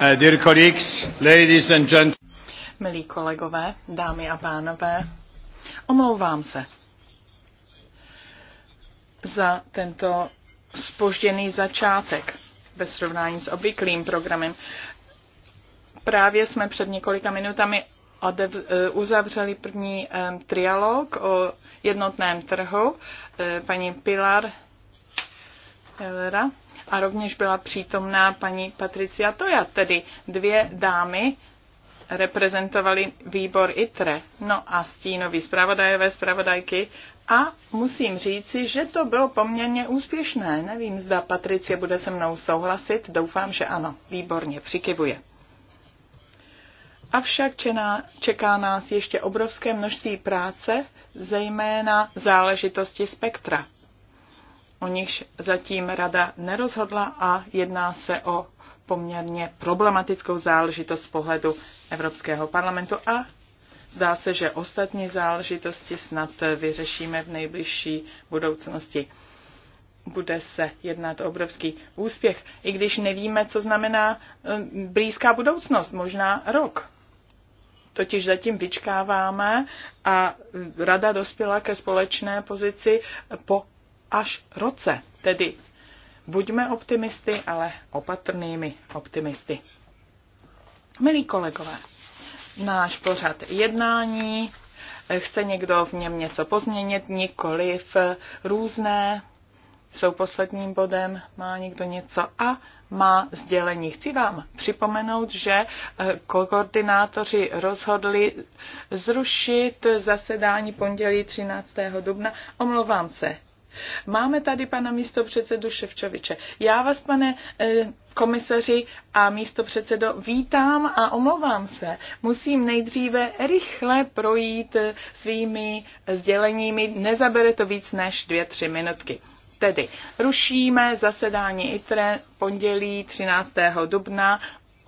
Uh, dear colleagues, ladies and gentlemen. Milí kolegové, dámy a pánové, omlouvám se za tento spožděný začátek ve srovnání s obvyklým programem. Právě jsme před několika minutami odev, eh, uzavřeli první um, trialog o jednotném trhu. Eh, paní Pilar Elera a rovněž byla přítomná paní Patricia Toja, tedy dvě dámy reprezentovali výbor ITRE, no a stínový zpravodajové zpravodajky a musím říci, že to bylo poměrně úspěšné. Nevím, zda Patricie bude se mnou souhlasit, doufám, že ano, výborně, přikivuje. Avšak čená, čeká nás ještě obrovské množství práce, zejména záležitosti spektra o nichž zatím rada nerozhodla a jedná se o poměrně problematickou záležitost z pohledu Evropského parlamentu a zdá se, že ostatní záležitosti snad vyřešíme v nejbližší budoucnosti. Bude se jednat o obrovský úspěch, i když nevíme, co znamená eh, blízká budoucnost, možná rok. Totiž zatím vyčkáváme a rada dospěla ke společné pozici po až roce. Tedy buďme optimisty, ale opatrnými optimisty. Milí kolegové, náš pořad jednání, chce někdo v něm něco pozměnit, nikoliv různé, jsou posledním bodem, má někdo něco a má sdělení. Chci vám připomenout, že eh, koordinátoři rozhodli zrušit zasedání pondělí 13. dubna. Omlouvám se, Máme tady pana místo předsedu Ševčoviče. Já vás, pane eh, komisaři a místo předsedo, vítám a omlouvám se. Musím nejdříve rychle projít eh, svými sděleními. Nezabere to víc než dvě, tři minutky. Tedy rušíme zasedání ITRE pondělí 13. dubna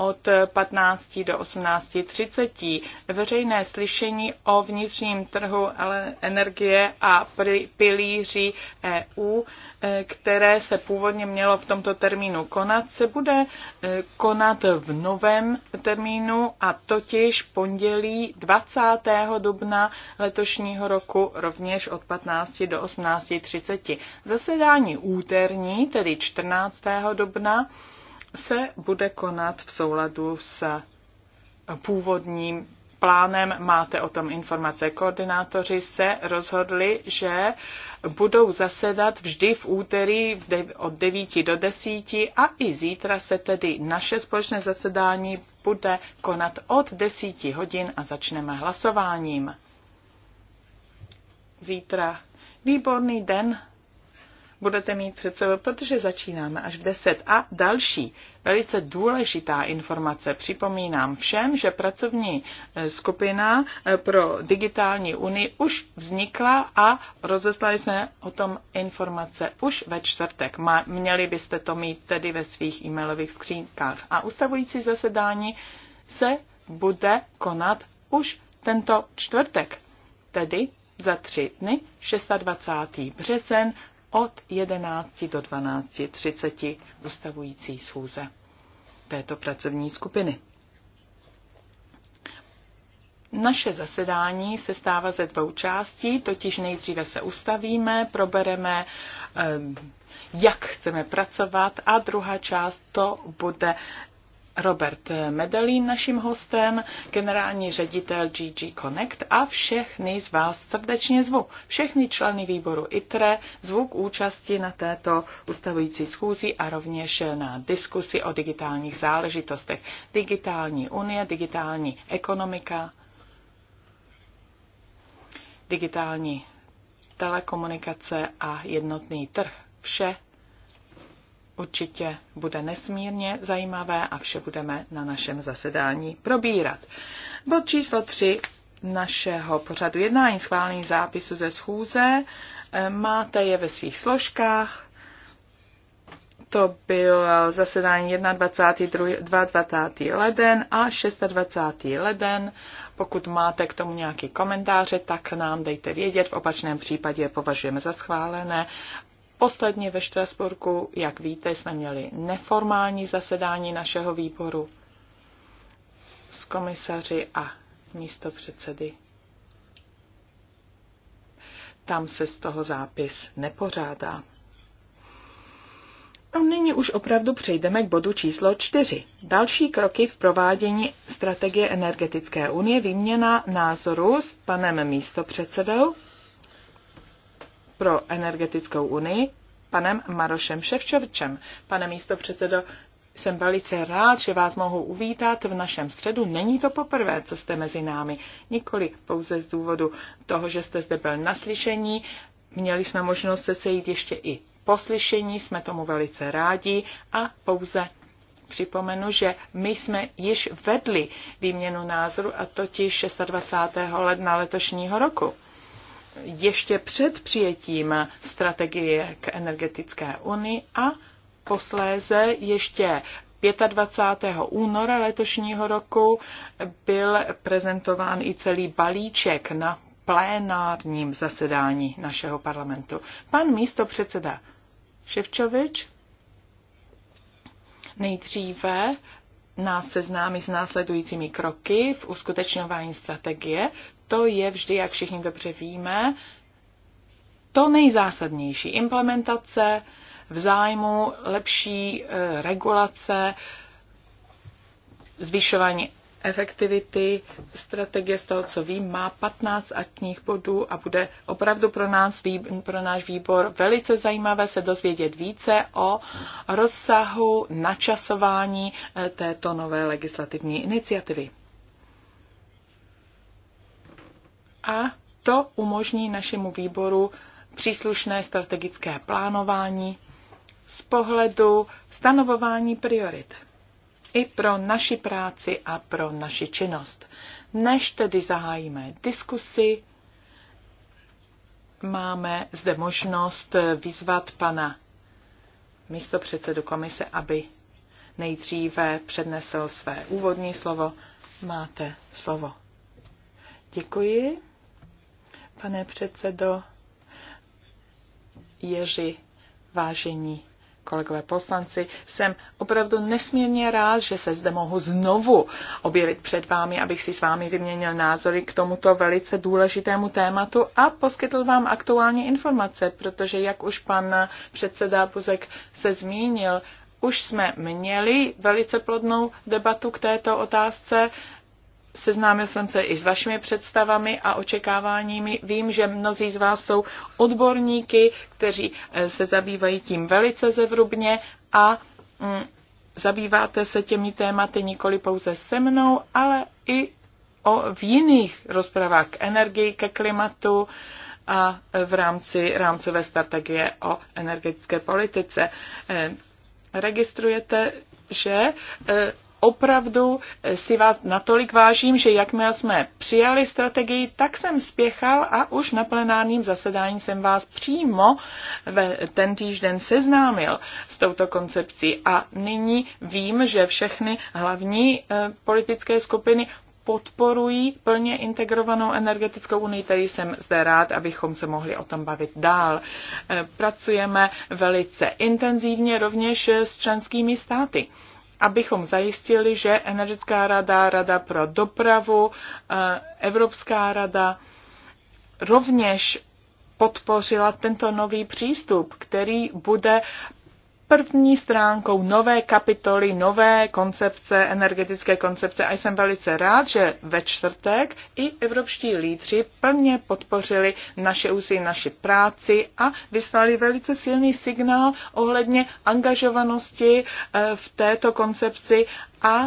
od 15 do 18.30 veřejné slyšení o vnitřním trhu energie a pilíři EU, e, které se původně mělo v tomto termínu konat, se bude e, konat v novém termínu a totiž pondělí 20. dubna letošního roku rovněž od 15 do 18.30. Zasedání úterní, tedy 14. dubna, se bude konat v souladu s původním plánem, máte o tom informace. Koordinátoři se rozhodli, že budou zasedat vždy v úterý od 9 do 10 a i zítra se tedy naše společné zasedání bude konat od 10 hodin a začneme hlasováním. Zítra. Výborný den budete mít před sebou, protože začínáme až v 10. A další velice důležitá informace. Připomínám všem, že pracovní eh, skupina eh, pro digitální unii už vznikla a rozeslali jsme o tom informace už ve čtvrtek. Měli byste to mít tedy ve svých e-mailových skřínkách. A ustavující zasedání se bude konat už tento čtvrtek, tedy za tři dny, 26. březen od 11 do 12.30 dostavující schůze této pracovní skupiny. Naše zasedání se stává ze dvou částí, totiž nejdříve se ustavíme, probereme, eh, jak chceme pracovat a druhá část to bude Robert Medelín naším hostem, generální ředitel GG Connect a všechny z vás srdečně zvu. Všechny členy výboru ITRE zvuk účasti na této ustavující schůzi a rovněž na diskusi o digitálních záležitostech. Digitální unie, digitální ekonomika, digitální telekomunikace a jednotný trh. Vše určitě bude nesmírně zajímavé a vše budeme na našem zasedání probírat. Bod číslo 3 našeho pořadu jednání schválený zápisu ze schůze. Eh, máte je ve svých složkách. To byl eh, zasedání 21. 22. leden a 26. leden. Pokud máte k tomu nějaké komentáře, tak nám dejte vědět. V opačném případě považujeme za schválené. Posledně ve Štrasburku, jak víte, jsme měli neformální zasedání našeho výboru s komisaři a místo předsedy. Tam se z toho zápis nepořádá. A nyní už opravdu přejdeme k bodu číslo čtyři. Další kroky v provádění strategie energetické unie, výměna názoru s panem místopředsedou pro energetickou unii panem Marošem Ševčovičem. Pane místo předsedo, jsem velice rád, že vás mohu uvítat v našem středu. Není to poprvé, co jste mezi námi. Nikoli pouze z důvodu toho, že jste zde byl na slyšení. Měli jsme možnost se sejít ještě i poslyšení, jsme tomu velice rádi a pouze připomenu, že my jsme již vedli výměnu názoru a totiž 26. ledna letošního roku ještě před přijetím strategie k energetické unii a posléze ještě 25. února letošního roku byl prezentován i celý balíček na plénárním zasedání našeho parlamentu. Pan místo předseda Ševčovič nejdříve nás seznámí s následujícími kroky v uskutečňování strategie, to je vždy, jak všichni dobře víme, to nejzásadnější. Implementace v zájmu lepší e, regulace, zvyšování efektivity. Strategie z toho, co vím, má 15 aktních bodů a bude opravdu pro, nás, pro náš výbor velice zajímavé se dozvědět více o rozsahu načasování e, této nové legislativní iniciativy. a to umožní našemu výboru příslušné strategické plánování z pohledu stanovování priorit i pro naši práci a pro naši činnost. Než tedy zahájíme diskusi, máme zde možnost vyzvat pana místopředsedu komise, aby nejdříve přednesl své úvodní slovo. Máte slovo. Děkuji pane předsedo Ježi, vážení kolegové poslanci, jsem opravdu nesmírně rád, že se zde mohu znovu objevit před vámi, abych si s vámi vyměnil názory k tomuto velice důležitému tématu a poskytl vám aktuální informace, protože jak už pan předseda Buzek se zmínil, už jsme měli velice plodnou debatu k této otázce Seznámil jsem se i s vašimi představami a očekáváními. Vím, že mnozí z vás jsou odborníky, kteří eh, se zabývají tím velice zevrubně a mm, zabýváte se těmi tématy nikoli pouze se mnou, ale i o, v jiných rozpravách k energii, ke klimatu a eh, v rámci rámcové strategie o energetické politice. Eh, registrujete, že opravdu eh, si vás natolik vážím, že jakmile jsme přijali strategii, tak jsem spěchal a už na plenárním zasedání jsem vás přímo ve ten týžden seznámil s touto koncepcí. A nyní vím, že všechny hlavní eh, politické skupiny podporují plně integrovanou energetickou unii, tedy jsem zde rád, abychom se mohli o tom bavit dál. Eh, pracujeme velice intenzivně rovněž s členskými státy abychom zajistili, že Energetická rada, Rada pro dopravu, eh, Evropská rada rovněž podpořila tento nový přístup, který bude první stránkou nové kapitoly, nové koncepce, energetické koncepce a jsem velice rád, že ve čtvrtek i evropští lídři plně podpořili naše úsilí, naši práci a vyslali velice silný signál ohledně angažovanosti eh, v této koncepci a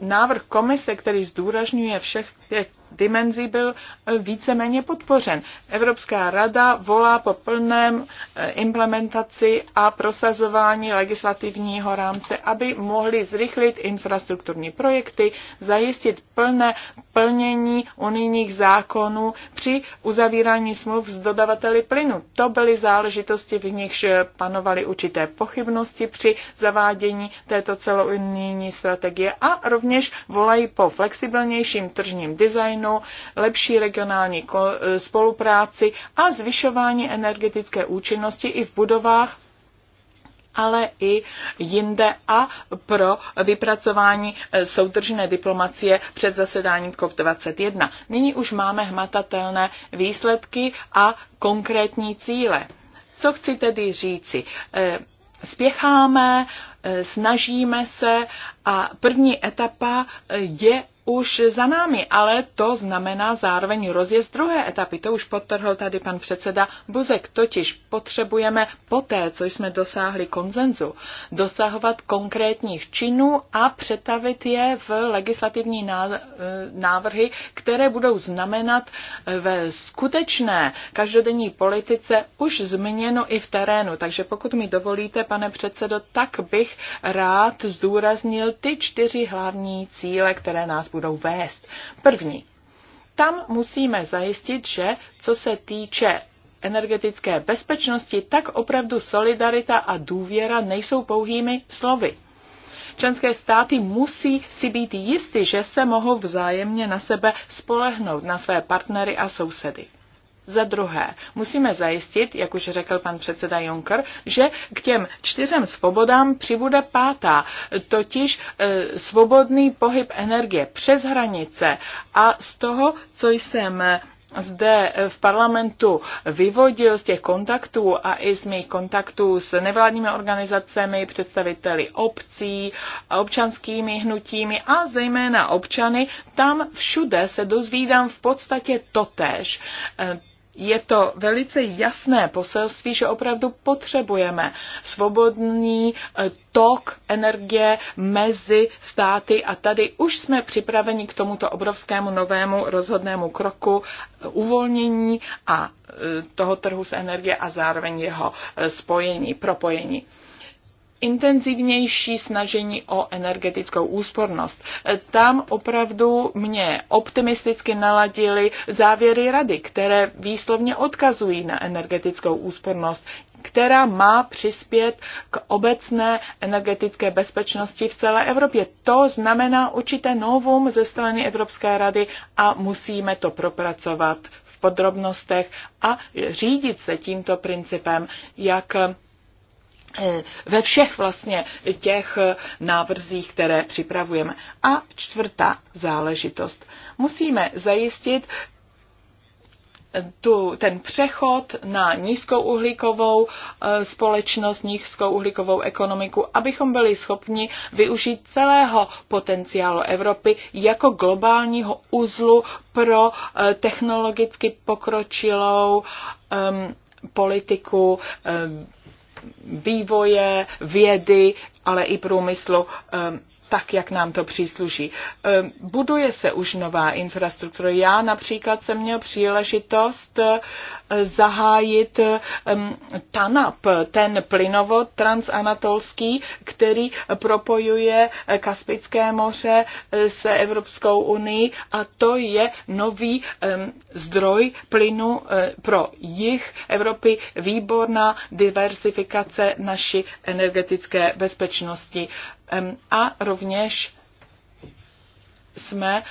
návrh komise, který zdůrazňuje všech těch dimenzí, byl eh, víceméně podpořen. Evropská rada volá po plném eh, implementaci a prosazování legislativního rámce, aby mohli zrychlit infrastrukturní projekty, zajistit plné plnění unijních zákonů při uzavírání smluv s dodavateli plynu. To byly záležitosti, v nichž eh, panovaly určité pochybnosti při zavádění této celounijní strategie a rovněž rovněž volají po flexibilnějším tržním designu, lepší regionální eh, spolupráci a zvyšování energetické účinnosti i v budovách ale i jinde a pro vypracování eh, soudržné diplomacie před zasedáním COP21. Nyní už máme hmatatelné výsledky a konkrétní cíle. Co chci tedy říci? Eh, spěcháme, eh, snažíme se a první etapa eh, je už za námi, ale to znamená zároveň rozjezd druhé etapy. To už podtrhl tady pan předseda Buzek. Totiž potřebujeme po té, co jsme dosáhli konzenzu, dosahovat konkrétních činů a přetavit je v legislativní e, návrhy, které budou znamenat e, ve skutečné každodenní politice už změnu i v terénu. Takže pokud mi dovolíte, pane předsedo, tak bych rád zdůraznil ty čtyři hlavní cíle, které nás budou budou vést. První. Tam musíme zajistit, že co se týče energetické bezpečnosti, tak opravdu solidarita a důvěra nejsou pouhými slovy. Členské státy musí si být jisty, že se mohou vzájemně na sebe spolehnout, na své partnery a sousedy. Za druhé, musíme zajistit, jak už řekl pan předseda Juncker, že k těm čtyřem svobodám přibude pátá, totiž e, svobodný pohyb energie přes hranice. A z toho, co jsem e, zde v parlamentu vyvodil z těch kontaktů a i z mých kontaktů s nevládními organizacemi, představiteli obcí, občanskými hnutími a zejména občany, tam všude se dozvídám v podstatě totéž. E, je to velice jasné poselství, že opravdu potřebujeme svobodný eh, tok energie mezi státy a tady už jsme připraveni k tomuto obrovskému novému rozhodnému kroku eh, uvolnění a eh, toho trhu s energie a zároveň jeho spojení, propojení intenzivnější snažení o energetickou úspornost. Tam opravdu mě optimisticky naladily závěry rady, které výslovně odkazují na energetickou úspornost, která má přispět k obecné energetické bezpečnosti v celé Evropě. To znamená určité novum ze strany Evropské rady a musíme to propracovat v podrobnostech a řídit se tímto principem, jak Eh, ve všech vlastně těch eh, návrzích, které připravujeme. A čtvrtá záležitost. Musíme zajistit eh, tu, ten přechod na nízkou uhlíkovou společnost, nízkou uhlíkovou ekonomiku, abychom byli schopni využít celého potenciálu Evropy jako globálního uzlu pro technologicky pokročilou um, politiku um, vývoje, vědy, ale i průmyslu ehm, tak, jak nám to přísluší. Ehm, buduje se už nová infrastruktura. Já například jsem měl příležitost eh, zahájit ehm, TANAP, ten plynovod transanatolský, který propojuje eh, Kaspické moře eh, se Evropskou unii a to je nový ehm, zdroj plynu pro jich Evropy, výborná diversifikace naší energetické bezpečnosti. A rovněž jsme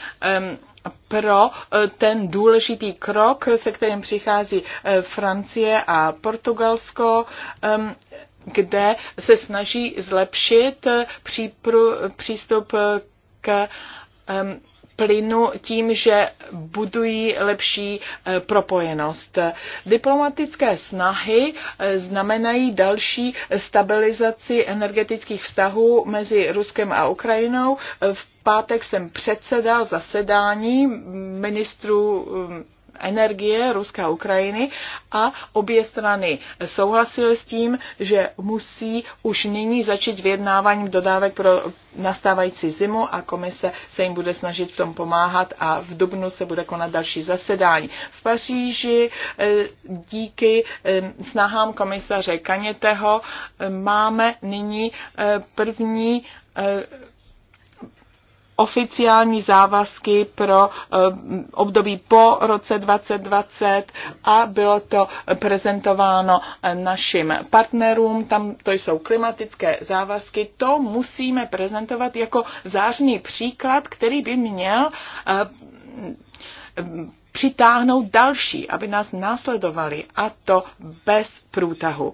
pro e, ten důležitý krok, se kterým přichází e, Francie a Portugalsko, kde se snaží zlepšit e, přístup k plynu tím, že budují lepší eh, propojenost. Diplomatické snahy eh, znamenají další stabilizaci energetických vztahů mezi Ruskem a Ukrajinou. V pátek jsem předsedal zasedání ministrů mm, energie Ruska a Ukrajiny a obě strany souhlasily s tím, že musí už nyní začít s vyjednáváním dodávek pro nastávající zimu a komise se jim bude snažit v tom pomáhat a v Dubnu se bude konat další zasedání. V Paříži eh, díky eh, snahám komisaře Kaněteho eh, máme nyní první oficiální závazky pro eh, období po roce 2020 a bylo to prezentováno eh, našim partnerům. Tam to jsou klimatické závazky. To musíme prezentovat jako zářný příklad, který by měl eh, přitáhnout další, aby nás následovali a to bez průtahu.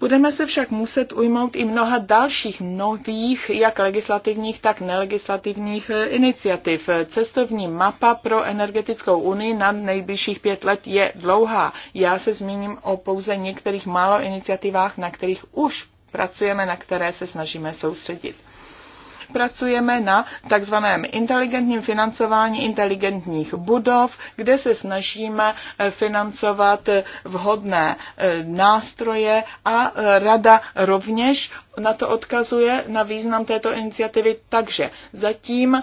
Budeme se však muset ujmout i mnoha dalších nových, jak legislativních, tak nelegislativních eh, iniciativ. Cestovní mapa pro energetickou unii na nejbližších pět let je dlouhá. Já se zmíním o pouze některých málo iniciativách, na kterých už pracujeme, na které se snažíme soustředit pracujeme na takzvaném inteligentním financování inteligentních budov, kde se snažíme eh, financovat eh, vhodné eh, nástroje a rada rovněž na to odkazuje na význam této iniciativy. Takže zatím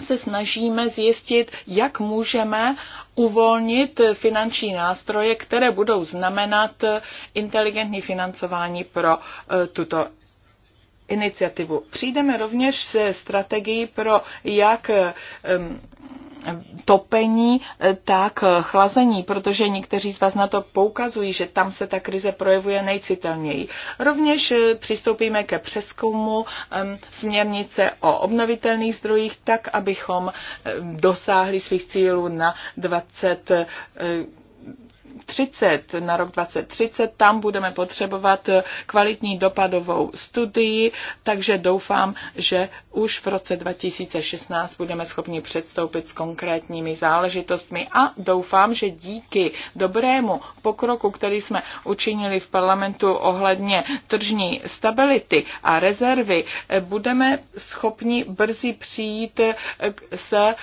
se snažíme zjistit, jak můžeme uvolnit finanční nástroje, které budou znamenat inteligentní financování pro tuto iniciativu. Přijdeme rovněž se strategií pro jak topení, tak chlazení, protože někteří z vás na to poukazují, že tam se ta krize projevuje nejcitelněji. Rovněž eh, přistoupíme ke přeskumu směrnice o obnovitelných zdrojích, tak abychom dosáhli svých cílů na 20 30, na rok 2030, tam budeme potřebovat kvalitní dopadovou studii, takže doufám, že už v roce 2016 budeme schopni předstoupit s konkrétními záležitostmi a doufám, že díky dobrému pokroku, který jsme učinili v parlamentu ohledně tržní stability a rezervy, budeme schopni brzy přijít s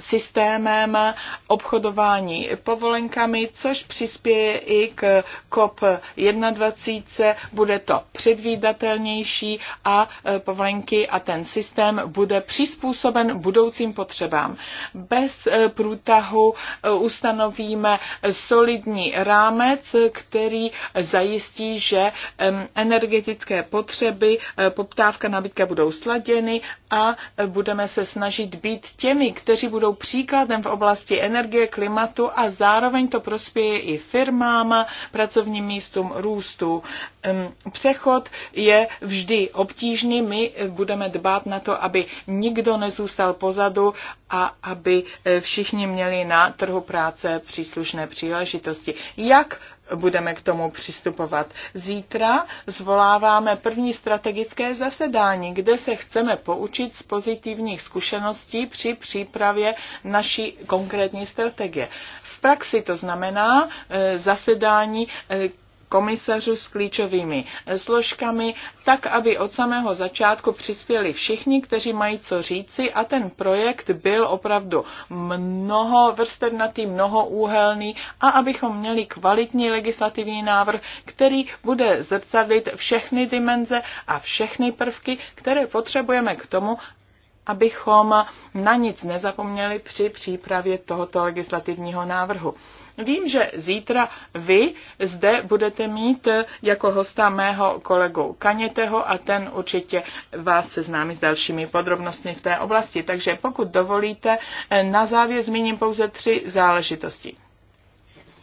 systémem obchodování povolenkami, což přispěje i k COP21, bude to předvídatelnější a e, povolenky a ten systém bude přizpůsoben budoucím potřebám. Bez e, průtahu e, ustanovíme solidní rámec, který zajistí, že energetické potřeby, poptávka, nabídka budou sladěny a budeme se snažit být těmi, kteří budou budou příkladem v oblasti energie, klimatu a zároveň to prospěje i firmám, pracovním místům, růstu. Přechod je vždy obtížný, my budeme dbát na to, aby nikdo nezůstal pozadu a aby eh, všichni měli na trhu práce příslušné příležitosti. Jak budeme k tomu přistupovat. Zítra zvoláváme první strategické zasedání, kde se chceme poučit z pozitivních zkušeností při přípravě naší konkrétní strategie. V praxi to znamená eh, zasedání, eh, komisařů s klíčovými složkami, tak aby od samého začátku přispěli všichni, kteří mají co říci a ten projekt byl opravdu mnoho vrstevnatý, mnohoúhelný a abychom měli kvalitní legislativní návrh, který bude zrcadlit všechny dimenze a všechny prvky, které potřebujeme k tomu, abychom na nic nezapomněli při přípravě tohoto legislativního návrhu. Vím, že zítra vy zde budete mít eh, jako hosta mého kolegu Kaněteho a ten určitě vás seznámí s dalšími podrobnostmi v té oblasti. Takže pokud dovolíte, eh, na závěr zmíním pouze tři záležitosti.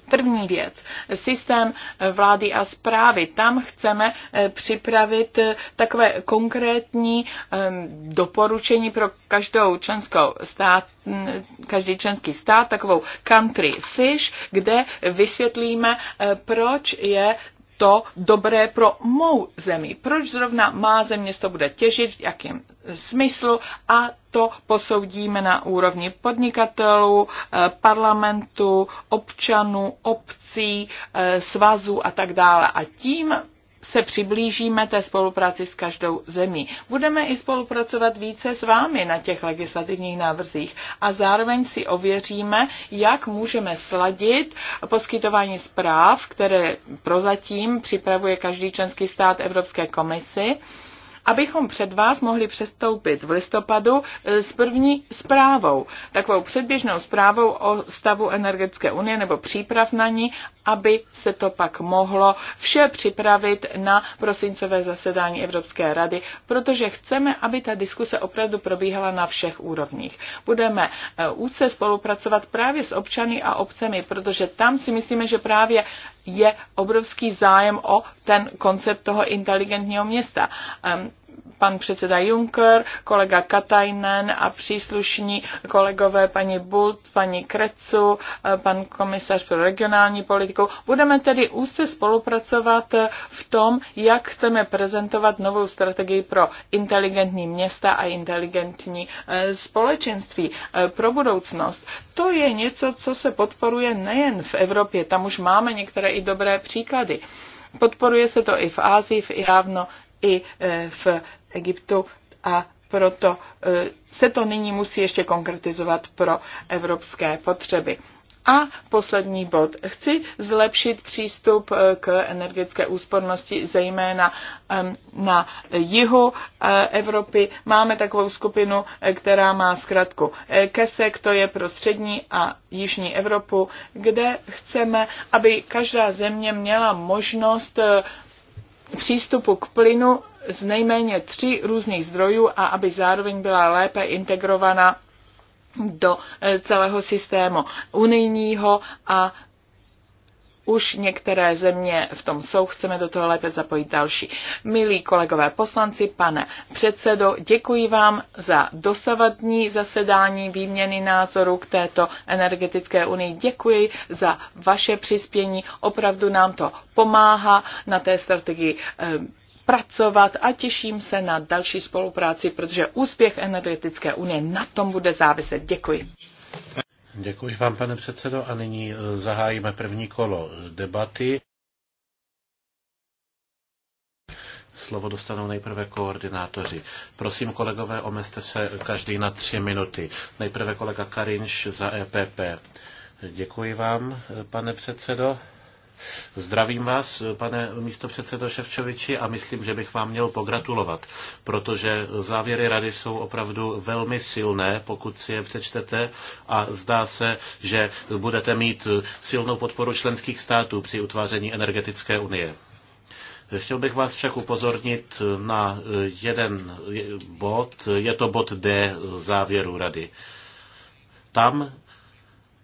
První věc, systém vlády a zprávy. Tam chceme eh, připravit eh, takové konkrétní ehm, doporučení pro každou členskou stát, mm, každý členský stát, takovou country fish, kde vysvětlíme, eh, proč je to dobré pro mou zemi. Proč zrovna má země to bude těžit, v jakém smyslu a to posoudíme na úrovni podnikatelů, eh, parlamentu, občanů, obcí, eh, svazů a tak dále. A tím se přiblížíme té spolupráci s každou zemí. Budeme i spolupracovat více s vámi na těch legislativních návrzích a zároveň si ověříme, jak můžeme sladit poskytování zpráv, které prozatím připravuje každý členský stát Evropské komisi, abychom před vás mohli přestoupit v listopadu eh, s první zprávou, takovou předběžnou zprávou o stavu energetické unie nebo příprav na ní, aby se to pak mohlo vše připravit na prosincové zasedání Evropské rady, protože chceme, aby ta diskuse opravdu probíhala na všech úrovních. Budeme eh, úce spolupracovat právě s občany a obcemi, protože tam si myslíme, že právě je obrovský zájem o ten koncept toho inteligentního města pan předseda Juncker, kolega Katajnen a příslušní kolegové paní Bult, paní Krecu, eh, pan komisař pro regionální politiku. Budeme tedy úzce spolupracovat eh, v tom, jak chceme prezentovat novou strategii pro inteligentní města a inteligentní eh, společenství pro budoucnost. To je něco, co se podporuje nejen v Evropě, tam už máme některé i dobré příklady. Podporuje se to i v Ázii, v Iránu, i e, v Egyptu a proto e, se to nyní musí ještě konkretizovat pro evropské potřeby. A poslední bod. Chci zlepšit přístup e, k energetické úspornosti, zejména na jihu Evropy. Máme takovou skupinu, která má zkratku KESEK, to je pro střední a jižní Evropu, kde chceme, aby každá země měla možnost přístupu k plynu z nejméně tří různých zdrojů a aby zároveň byla lépe integrovaná do eh, celého systému unijního a už některé země v tom jsou, chceme do toho lépe zapojit další. Milí kolegové poslanci, pane předsedo, děkuji vám za dosavadní zasedání výměny názoru k této energetické unii. Děkuji za vaše přispění. Opravdu nám to pomáhá na té strategii eh, pracovat a těším se na další spolupráci, protože úspěch energetické unie na tom bude záviset. Děkuji. Děkuji vám, pane předsedo, a nyní e, zahájíme první kolo debaty. Slovo dostanou nejprve koordinátoři. Prosím, kolegové, omezte se každý na tři minuty. Nejprve kolega Karinš za EPP. Děkuji vám, e, pane předsedo. Zdravím vás, pane místo předsedo Ševčoviči, a myslím, že bych vám měl pogratulovat, protože závěry rady jsou opravdu velmi silné, pokud si je přečtete a zdá se, že budete mít silnou podporu členských států při utváření energetické unie. Chtěl bych vás však upozornit na jeden bod, je to bod D závěru rady. Tam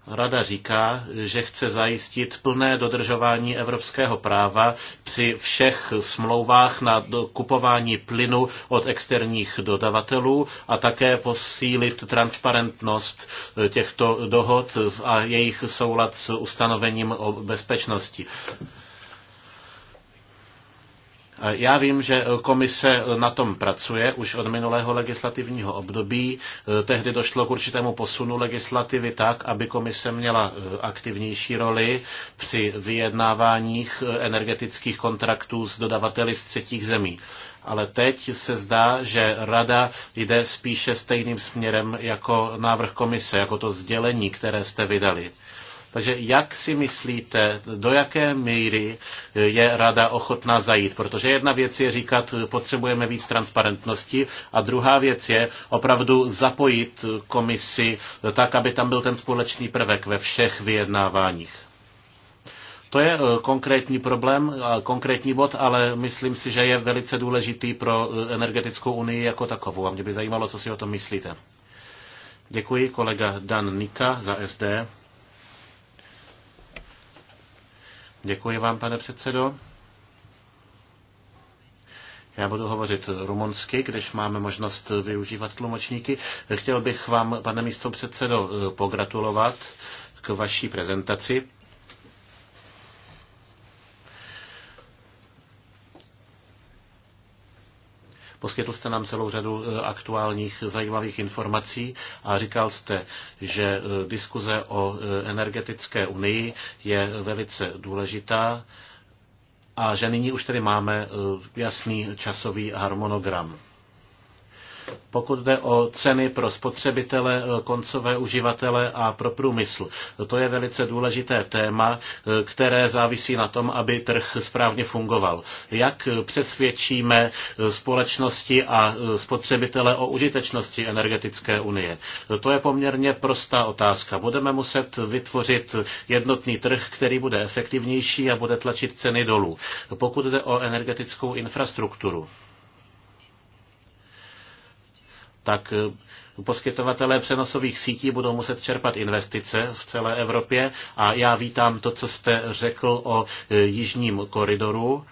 Rada říká, že chce zajistit plné dodržování evropského práva při všech smlouvách na kupování plynu od externích dodavatelů a také posílit transparentnost eh, těchto dohod a jejich soulad s ustanovením o bezpečnosti. Já vím, že komise na tom pracuje už od minulého legislativního období. Tehdy došlo k určitému posunu legislativy tak, aby komise měla eh, aktivnější roli při vyjednáváních eh, energetických kontraktů s dodavateli z třetích zemí ale teď se zdá, že rada jde spíše stejným směrem jako návrh komise, jako to sdělení, které jste vydali. Takže jak si myslíte, do jaké míry je rada ochotná zajít? Protože jedna věc je říkat, potřebujeme víc transparentnosti a druhá věc je opravdu zapojit komisi tak, aby tam byl ten společný prvek ve všech vyjednáváních. To je eh, konkrétní problém, konkrétní bod, ale myslím si, že je velice důležitý pro eh, energetickou unii jako takovou. A mě by zajímalo, co si o tom myslíte. Děkuji kolega Dan Nika za SD. Děkuji vám, pane předsedo. Já budu hovořit rumunsky, když máme možnost využívat tlumočníky. Chtěl bych vám, pane místo předsedo, pogratulovat k vaší prezentaci. Poskytl jste nám celou řadu e, aktuálních zajímavých informací a říkal jste, že e, diskuze o e, energetické unii je velice důležitá a že nyní už tedy máme jasný časový harmonogram pokud jde o ceny pro spotřebitele, eh, koncové uživatele a pro průmysl. To je velice důležité téma, eh, které závisí na tom, aby trh správně fungoval. Jak eh, přesvědčíme společnosti a spotřebitele o užitečnosti energetické unie? To je poměrně prostá otázka. Budeme muset vytvořit jednotný trh, který bude efektivnější a bude tlačit ceny dolů. Pokud jde o energetickou infrastrukturu, tak eh, poskytovatelé přenosových sítí budou muset čerpat investice v celé Evropě a já vítám to, co jste řekl o eh, jižním koridoru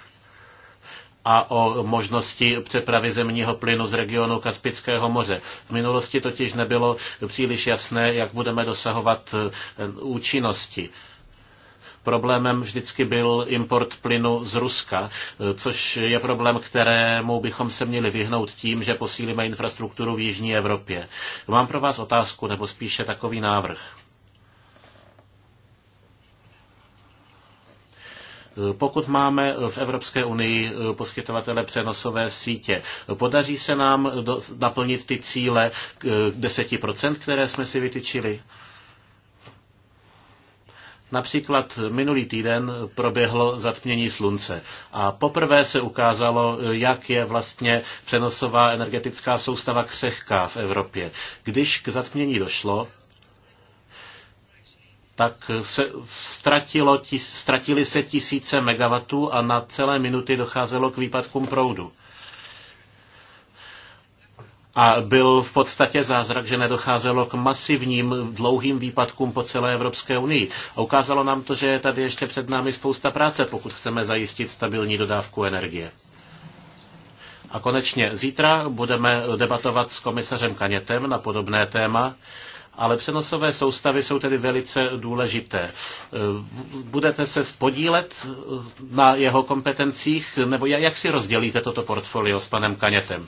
a o možnosti přepravy zemního plynu z regionu Kaspického moře. V minulosti totiž nebylo příliš jasné, jak budeme dosahovat eh, účinnosti. Problémem vždycky byl import plynu z Ruska, eh, což je problém, kterému bychom se měli vyhnout tím, že posílíme infrastrukturu v Jižní Evropě. Mám pro vás otázku, nebo spíše takový návrh. Eh, pokud máme v Evropské unii eh, poskytovatele přenosové sítě, podaří se nám do, naplnit ty cíle 10%, které jsme si vytyčili? Například minulý týden proběhlo zatmění slunce a poprvé se ukázalo, jak je vlastně přenosová energetická soustava křehká v Evropě. Když k zatmění došlo, tak se ztratilo, ztratili se tisíce megawatů a na celé minuty docházelo k výpadkům proudu. A byl v podstatě zázrak, že nedocházelo k masivním dlouhým výpadkům po celé Evropské unii. A ukázalo nám to, že je tady ještě před námi spousta práce, pokud chceme zajistit stabilní dodávku energie. A konečně zítra budeme debatovat s komisařem Kanětem na podobné téma ale přenosové soustavy jsou tedy velice důležité. Budete se podílet na jeho kompetencích, nebo jak si rozdělíte toto portfolio s panem Kanětem?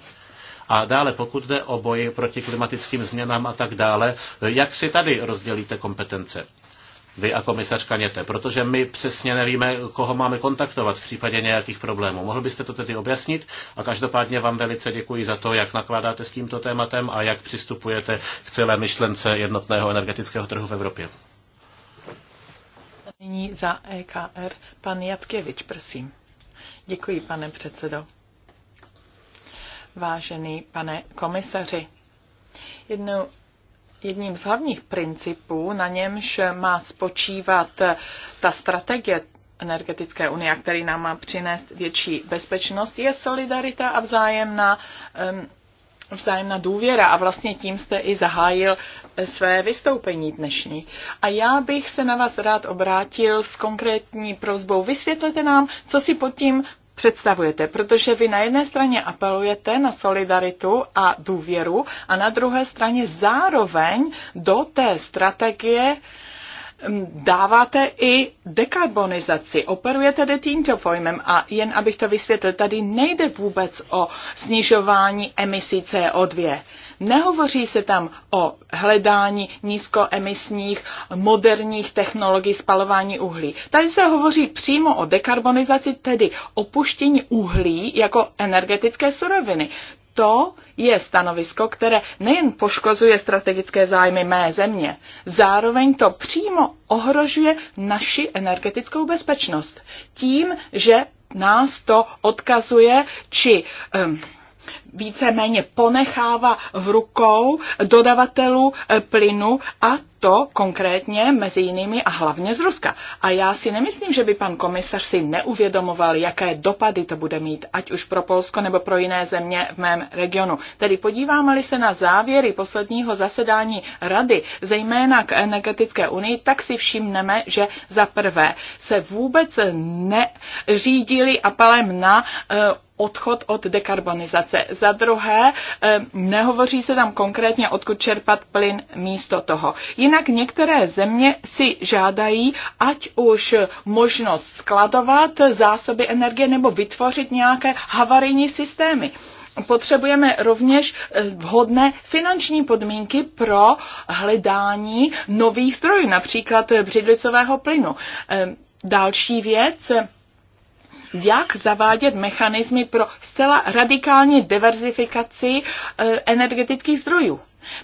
A dále, pokud jde o boji proti klimatickým změnám a tak dále, jak si tady rozdělíte kompetence? vy a komisařka Něte, protože my přesně nevíme, koho máme kontaktovat v případě nějakých problémů. Mohl byste to tedy objasnit a každopádně vám velice děkuji za to, jak nakládáte s tímto tématem a jak přistupujete k celé myšlence jednotného energetického trhu v Evropě. Nyní za EKR pan Jackevič, prosím. Děkuji, pane předsedo vážený pane komisaři. Jednou Jedním z hlavních principů, na němž má spočívat ta strategie energetické unie, který nám má přinést větší bezpečnost, je solidarita a vzájemná, vzájemná důvěra. A vlastně tím jste i zahájil své vystoupení dnešní. A já bych se na vás rád obrátil s konkrétní prozbou. Vysvětlete nám, co si pod tím představujete, protože vy na jedné straně apelujete na solidaritu a důvěru a na druhé straně zároveň do té strategie mm, dáváte i dekarbonizaci. Operujete tedy tímto pojmem a jen abych to vysvětlil, tady nejde vůbec o snižování emisí CO2. Nehovoří se tam o hledání nízkoemisních moderních technologií spalování uhlí. Tady se hovoří přímo o dekarbonizaci, tedy opuštění uhlí jako energetické suroviny. To je stanovisko, které nejen poškozuje strategické zájmy mé země, zároveň to přímo ohrožuje naši energetickou bezpečnost tím, že nás to odkazuje či um, víceméně ponechává v rukou dodavatelů eh, plynu a to konkrétně mezi jinými a hlavně z Ruska. A já si nemyslím, že by pan komisař si neuvědomoval, jaké dopady to bude mít, ať už pro Polsko nebo pro jiné země v mém regionu. Tedy podíváme-li se na závěry posledního zasedání rady, zejména k energetické unii, tak si všimneme, že za prvé se vůbec neřídili apelem na eh, odchod od dekarbonizace. Za druhé, eh, nehovoří se tam konkrétně, odkud čerpat plyn místo toho. Jinak některé země si žádají, ať už možnost skladovat zásoby energie nebo vytvořit nějaké havarijní systémy potřebujeme rovněž eh, vhodné finanční podmínky pro hledání nových zdrojů, například břidlicového plynu. Eh, další věc, jak zavádět mechanismy pro zcela radikální diverzifikaci e, energetických zdrojů.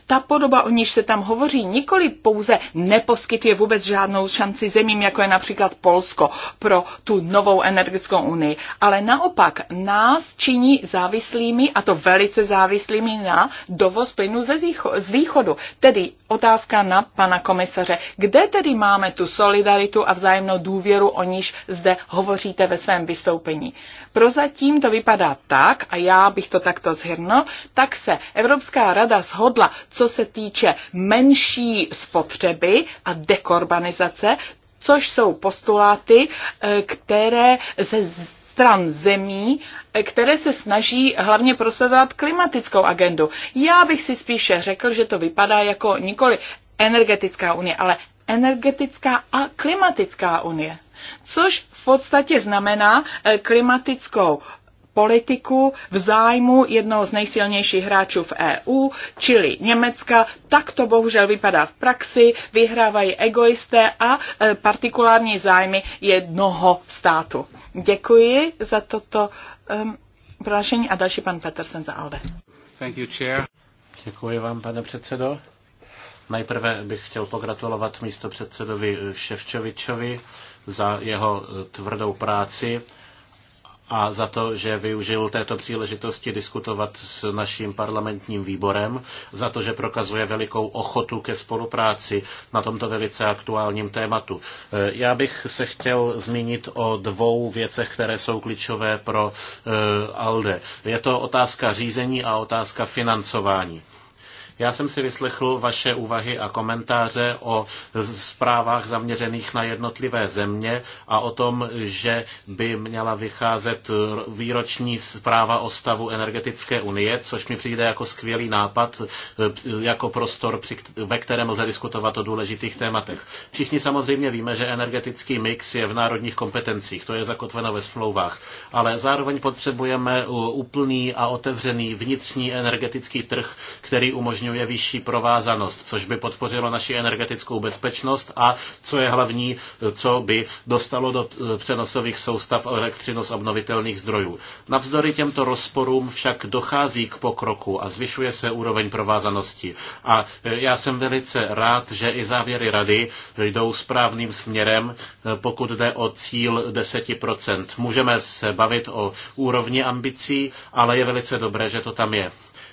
Ta podoba, o níž se tam hovoří, nikoli pouze neposkytuje vůbec žádnou šanci zemím, jako je například Polsko, pro tu novou energetickou unii, ale naopak nás činí závislými, a to velice závislými na dovoz plynu z východu. Tedy otázka na pana komisaře, kde tedy máme tu solidaritu a vzájemnou důvěru, o níž zde hovoříte ve svém vysvětlení? vystoupení. Prozatím to vypadá tak, a já bych to takto zhrnul, tak se Evropská rada shodla, co se týče menší spotřeby a dekorbanizace, což jsou postuláty, eh, které se stran zemí, eh, které se snaží hlavně prosazovat klimatickou agendu. Já bych si spíše řekl, že to vypadá jako nikoli energetická unie, ale energetická a klimatická unie což v podstatě znamená eh, klimatickou politiku v zájmu jednoho z nejsilnějších hráčů v EU, čili Německa. Tak to bohužel vypadá v praxi, vyhrávají egoisté a eh, partikulární zájmy jednoho státu. Děkuji za toto um, prohlášení a další pan Petersen za ALDE. Thank you, chair. Děkuji vám, pane předsedo. Nejprve bych chtěl pogratulovat místo předsedovi Ševčovičovi za jeho eh, tvrdou práci a za to, že využil této příležitosti diskutovat s naším parlamentním výborem, za to, že prokazuje velikou ochotu ke spolupráci na tomto velice aktuálním tématu. Eh, já bych se chtěl zmínit o dvou věcech, které jsou klíčové pro eh, ALDE. Je to otázka řízení a otázka financování. Já jsem si vyslechl vaše úvahy a komentáře o zprávách zaměřených na jednotlivé země a o tom, že by měla vycházet výroční zpráva o stavu energetické unie, což mi přijde jako skvělý nápad, jako prostor, ve kterém lze diskutovat o důležitých tématech. Všichni samozřejmě víme, že energetický mix je v národních kompetencích, to je zakotveno ve smlouvách, ale zároveň potřebujeme úplný a otevřený vnitřní energetický trh, který umožňuje umožňuje vyšší provázanost, což by podpořilo naši energetickou bezpečnost a, co je hlavní, co by dostalo do přenosových soustav elektřinu z obnovitelných zdrojů. Navzdory těmto rozporům však dochází k pokroku a zvyšuje se úroveň provázanosti. A e, já jsem velice rád, že i závěry rady jdou správným směrem, e, pokud jde o cíl 10%. Můžeme se bavit o úrovni ambicí, ale je velice dobré, že to tam je.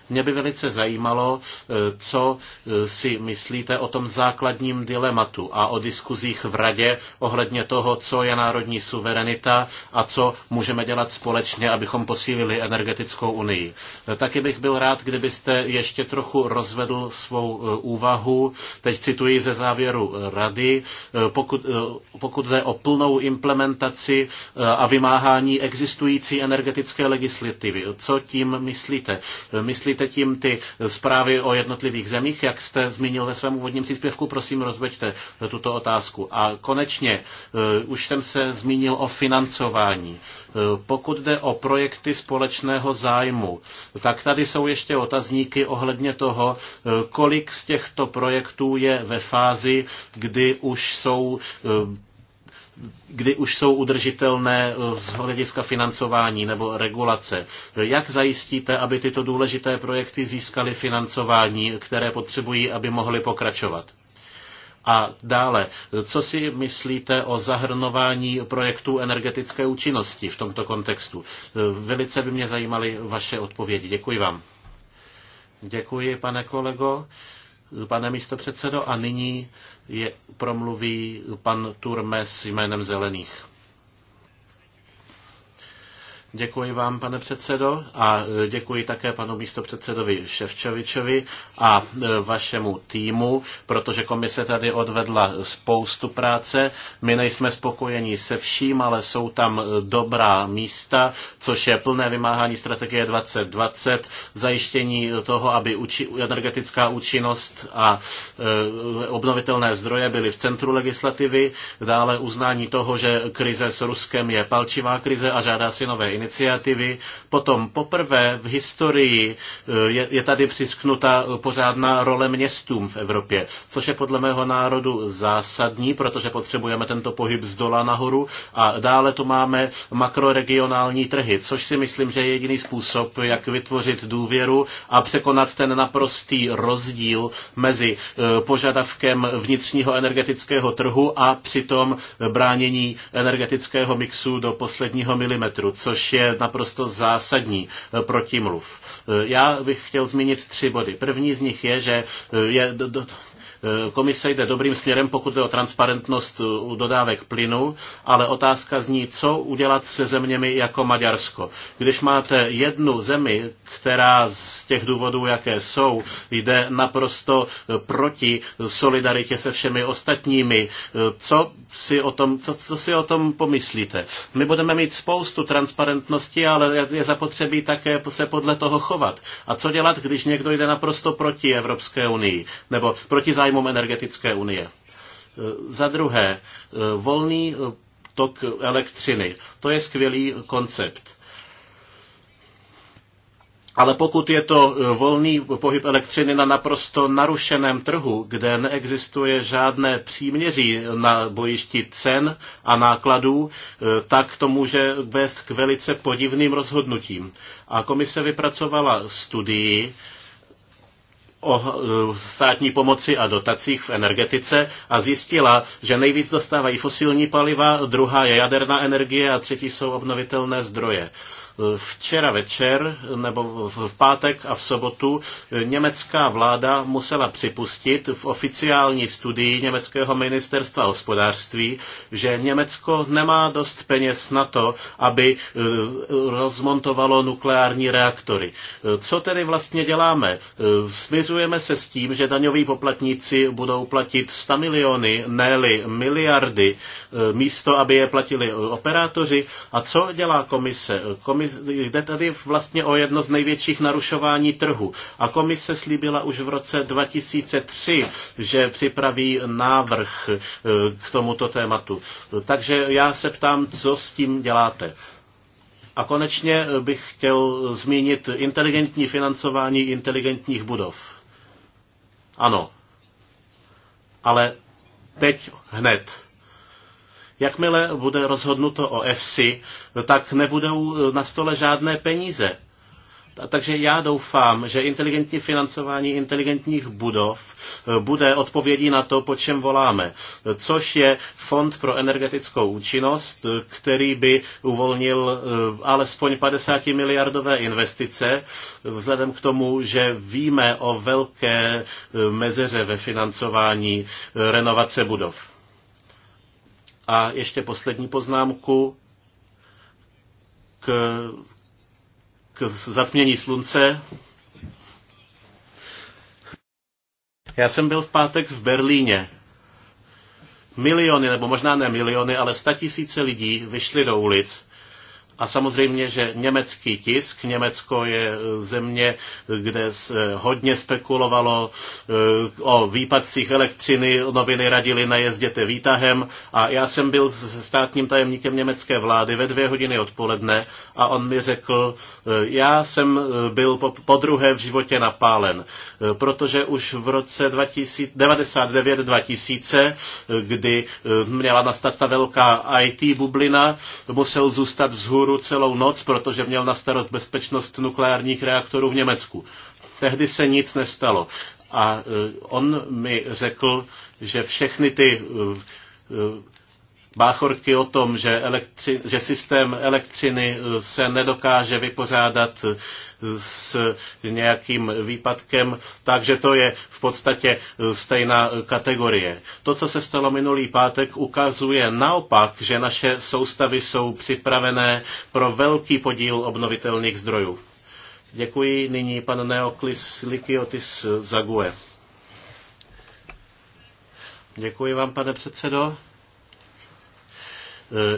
Mě by velice zajímalo, eh, co eh, si myslíte o tom základním dilematu a o diskuzích v radě ohledně toho, co je národní suverenita a co můžeme dělat společně, abychom posílili energetickou unii. Eh, taky bych byl rád, kdybyste ještě trochu rozvedl svou úvahu, teď cituji ze závěru rady, pokud, pokud jde o plnou implementaci a vymáhání existující energetické legislativy. Co tím myslíte? Myslíte Nezavádějte tím ty zprávy o jednotlivých zemích, jak jste zmínil ve svém úvodním příspěvku, prosím rozveďte tuto otázku. A konečně, eh, už jsem se zmínil o financování. Eh, pokud jde o projekty společného zájmu, tak tady jsou ještě otazníky ohledně toho, eh, kolik z těchto projektů je ve fázi, kdy už jsou kdy už jsou udržitelné eh, z hlediska financování nebo regulace. Jak zajistíte, aby tyto důležité projekty získaly financování, které potřebují, aby mohly pokračovat? A dále, co si myslíte o zahrnování projektů energetické účinnosti v tomto kontextu? Eh, velice by mě zajímaly vaše odpovědi. Děkuji vám. Děkuji, pane kolego pane místopředsedo, a nyní je, promluví pan Turmes jménem Zelených. Děkuji vám, pane předsedo, a e, děkuji také panu místopředsedovi Ševčovičovi a e, vašemu týmu, protože komise tady odvedla spoustu práce. My nejsme spokojeni se vším, ale jsou tam e, dobrá místa, což je plné vymáhání strategie 2020, zajištění toho, aby energetická účinnost a obnovitelné zdroje byly v centru legislativy, dále uznání toho, že krize s Ruskem je palčivá krize a žádá si nové iniciativy iniciativy. Potom poprvé v historii eh, je, je tady přisknuta eh, pořádná role městům v Evropě, což je podle mého národu zásadní, protože potřebujeme tento pohyb z dola nahoru a dále tu máme makroregionální trhy, což si myslím, že je jediný způsob, jak vytvořit důvěru a překonat ten naprostý rozdíl mezi eh, požadavkem vnitřního energetického trhu a přitom bránění energetického mixu do posledního milimetru, což je naprosto zásadní eh, protimluv. Eh, já bych chtěl zmínit tři body. První z nich je, že eh, je Komise jde dobrým směrem, pokud jde o transparentnost dodávek plynu, ale otázka zní, co udělat se zeměmi jako Maďarsko. Když máte jednu zemi, která z těch důvodů, jaké jsou, jde naprosto proti solidaritě se všemi ostatními, co si o tom, co, co si o tom pomyslíte? My budeme mít spoustu transparentnosti, ale je zapotřebí také se podle toho chovat. A co dělat, když někdo jde naprosto proti Evropské unii nebo proti zájmu zájmům energetické unie. E, za druhé, e, volný e, tok elektřiny. To je skvělý koncept. Ale pokud je to volný pohyb elektřiny na naprosto narušeném trhu, kde neexistuje žádné příměří na bojišti cen a nákladů, tak to může vést k velice podivným rozhodnutím. A komise vypracovala studii, o oh- eh, státní pomoci a dotacích v energetice a zjistila, že nejvíc dostávají fosilní paliva, druhá je jaderná energie a třetí jsou obnovitelné zdroje. Včera večer, nebo v pátek a v sobotu, německá vláda musela připustit v oficiální studii německého ministerstva hospodářství, že Německo nemá dost peněz na to, aby eh, rozmontovalo nukleární reaktory. Co tedy vlastně děláme? Eh, směřujeme se s tím, že daňoví poplatníci budou platit 100 miliony, ne miliardy, eh, místo aby je platili operátoři. A co dělá komise? komise jde tady vlastně o jedno z největších narušování trhu. A komise slíbila už v roce 2003, že připraví návrh eh, k tomuto tématu. Takže já se ptám, co s tím děláte. A konečně eh, bych chtěl zmínit inteligentní financování inteligentních budov. Ano. Ale teď hned. Jakmile bude rozhodnuto o EFSI, tak nebudou na stole žádné peníze. Takže já doufám, že inteligentní financování inteligentních budov eh, bude odpovědí na to, po čem voláme, což je Fond pro energetickou účinnost, který by uvolnil eh, alespoň 50 miliardové investice, vzhledem k tomu, že víme o velké eh, mezeře ve financování renovace budov. A ještě poslední poznámku k, k zatmění slunce. Já jsem byl v pátek v Berlíně. Miliony, nebo možná ne miliony, ale statisíce lidí vyšly do ulic a samozřejmě, že německý tisk, Německo je eh, země, kde se hodně spekulovalo eh, o výpadcích elektřiny, noviny radili najezděte výtahem a já jsem byl s státním tajemníkem německé vlády ve dvě hodiny odpoledne a on mi řekl, eh, já jsem byl po, druhé v životě napálen, protože už v roce 1999 2000 kdy měla nastat ta velká IT bublina, musel zůstat vzhůru Strasburu celou noc, protože měl na starost bezpečnost nukleárních reaktorů v Německu. Tehdy se nic nestalo. A e, on mi řekl, že všechny ty e, e, báchorky o tom, že, elektři, že systém elektřiny eh, se nedokáže vypořádat eh, s nějakým výpadkem, takže to je v podstatě eh, stejná kategorie. To, co se stalo minulý pátek, ukazuje naopak, že naše soustavy jsou připravené pro velký podíl obnovitelných zdrojů. Děkuji nyní pan Neoklis Likiotis Zague. Děkuji vám, pane předsedo.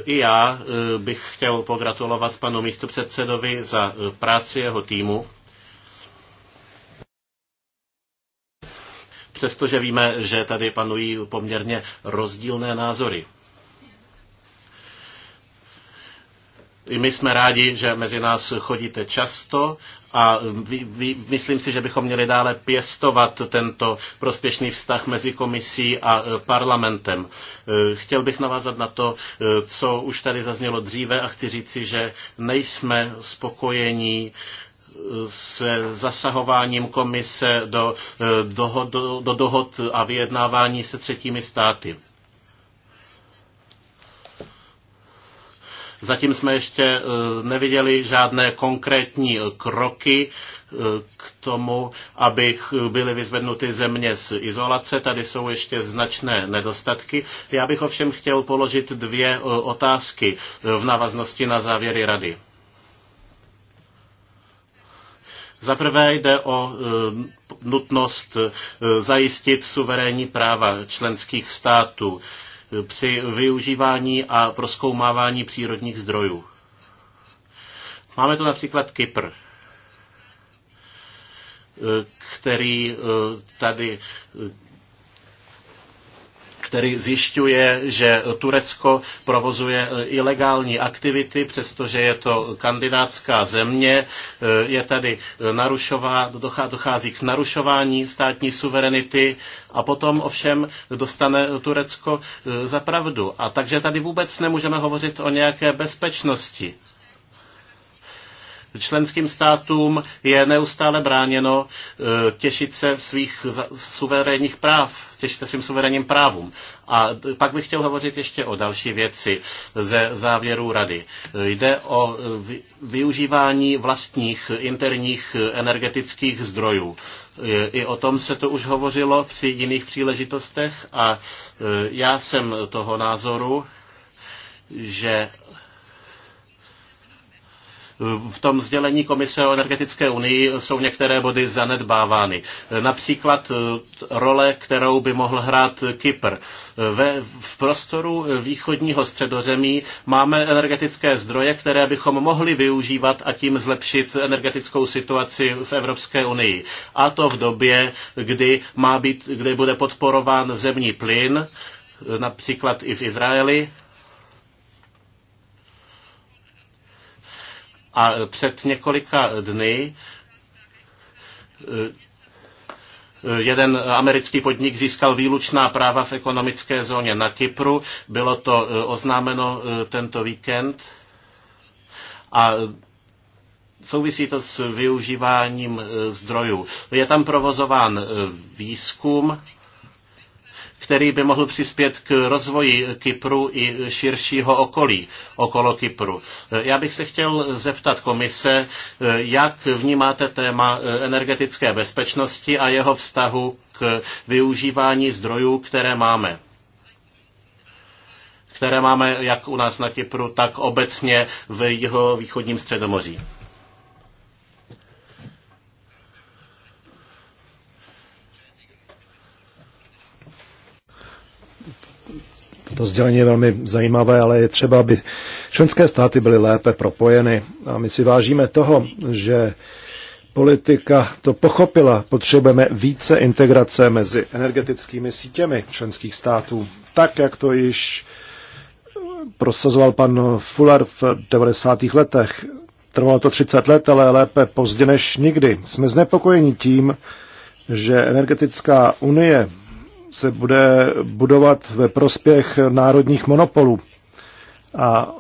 I já eh, bych chtěl pogratulovat panu místopředsedovi za eh, práci jeho týmu. Přestože víme, že tady panují poměrně rozdílné názory. I my jsme rádi, že mezi nás chodíte často a vy, vy, myslím si, že bychom měli dále pěstovat tento prospěšný vztah mezi komisí a e, parlamentem. E, chtěl bych navázat na to, e, co už tady zaznělo dříve a chci říci, že nejsme spokojení s zasahováním komise do, do, do, do dohod a vyjednávání se třetími státy. Zatím jsme ještě eh, neviděli žádné konkrétní kroky eh, k tomu, aby byly vyzvednuty země z izolace. Tady jsou ještě značné nedostatky. Já bych ovšem chtěl položit dvě eh, otázky v návaznosti na závěry rady. Za prvé jde o nutnost zajistit suverénní práva členských států při využívání a proskoumávání přírodních zdrojů. Máme tu například Kypr, který eh, tady eh, který zjišťuje, že Turecko provozuje e, ilegální aktivity, přestože je to kandidátská země, e, je tady e, narušová, dochází k narušování státní suverenity a potom ovšem dostane Turecko za pravdu. A takže tady vůbec nemůžeme hovořit o nějaké bezpečnosti. Členským státům je neustále bráněno eh, těšit se svých suverénních práv, těšit se svým suverénním právům. A pak bych chtěl hovořit ještě o další věci ze závěrů rady. Eh, jde o eh, využívání vlastních interních energetických zdrojů. I o tom se to už hovořilo při jiných příležitostech a já jsem toho názoru, že v tom sdělení Komise o energetické unii jsou některé body zanedbávány. Například e, role, kterou by mohl hrát Kypr. Ve, v prostoru východního středořemí máme energetické zdroje, které bychom mohli využívat a tím zlepšit energetickou situaci v Evropské unii. A to v době, kdy, má být, kdy bude podporován zemní plyn, e, například i v Izraeli, A před několika dny eh, jeden americký podnik získal výlučná práva v ekonomické zóně na Kypru. Bylo to eh, oznámeno eh, tento víkend. A souvisí to s využíváním zdrojů. Je tam provozován výzkum který by mohl přispět k rozvoji Kypru i širšího okolí okolo Kypru. Já bych se chtěl zeptat komise, jak vnímáte téma energetické bezpečnosti a jeho vztahu k využívání zdrojů, které máme které máme jak u nás na Kypru, tak obecně v jeho východním středomoří. To sdělení je velmi zajímavé, ale je třeba, aby členské státy byly lépe propojeny. A my si vážíme toho, že politika to pochopila. Potřebujeme více integrace mezi energetickými sítěmi členských států, tak jak to již prosazoval pan Fuller v 90. letech. Trvalo to 30 let, ale lépe pozdě než nikdy. Jsme znepokojeni tím, že energetická unie se bude budovat ve prospěch národních monopolů. A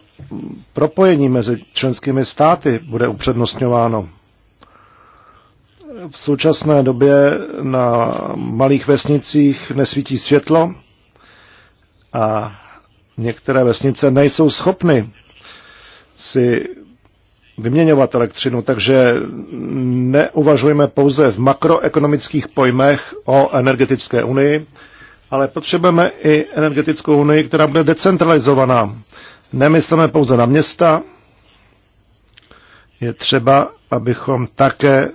propojení mezi členskými státy bude upřednostňováno. V současné době na malých vesnicích nesvítí světlo a některé vesnice nejsou schopny si vyměňovat elektřinu, takže neuvažujeme pouze v makroekonomických pojmech o energetické unii, ale potřebujeme i energetickou unii, která bude decentralizovaná. Nemyslíme pouze na města, je třeba, abychom také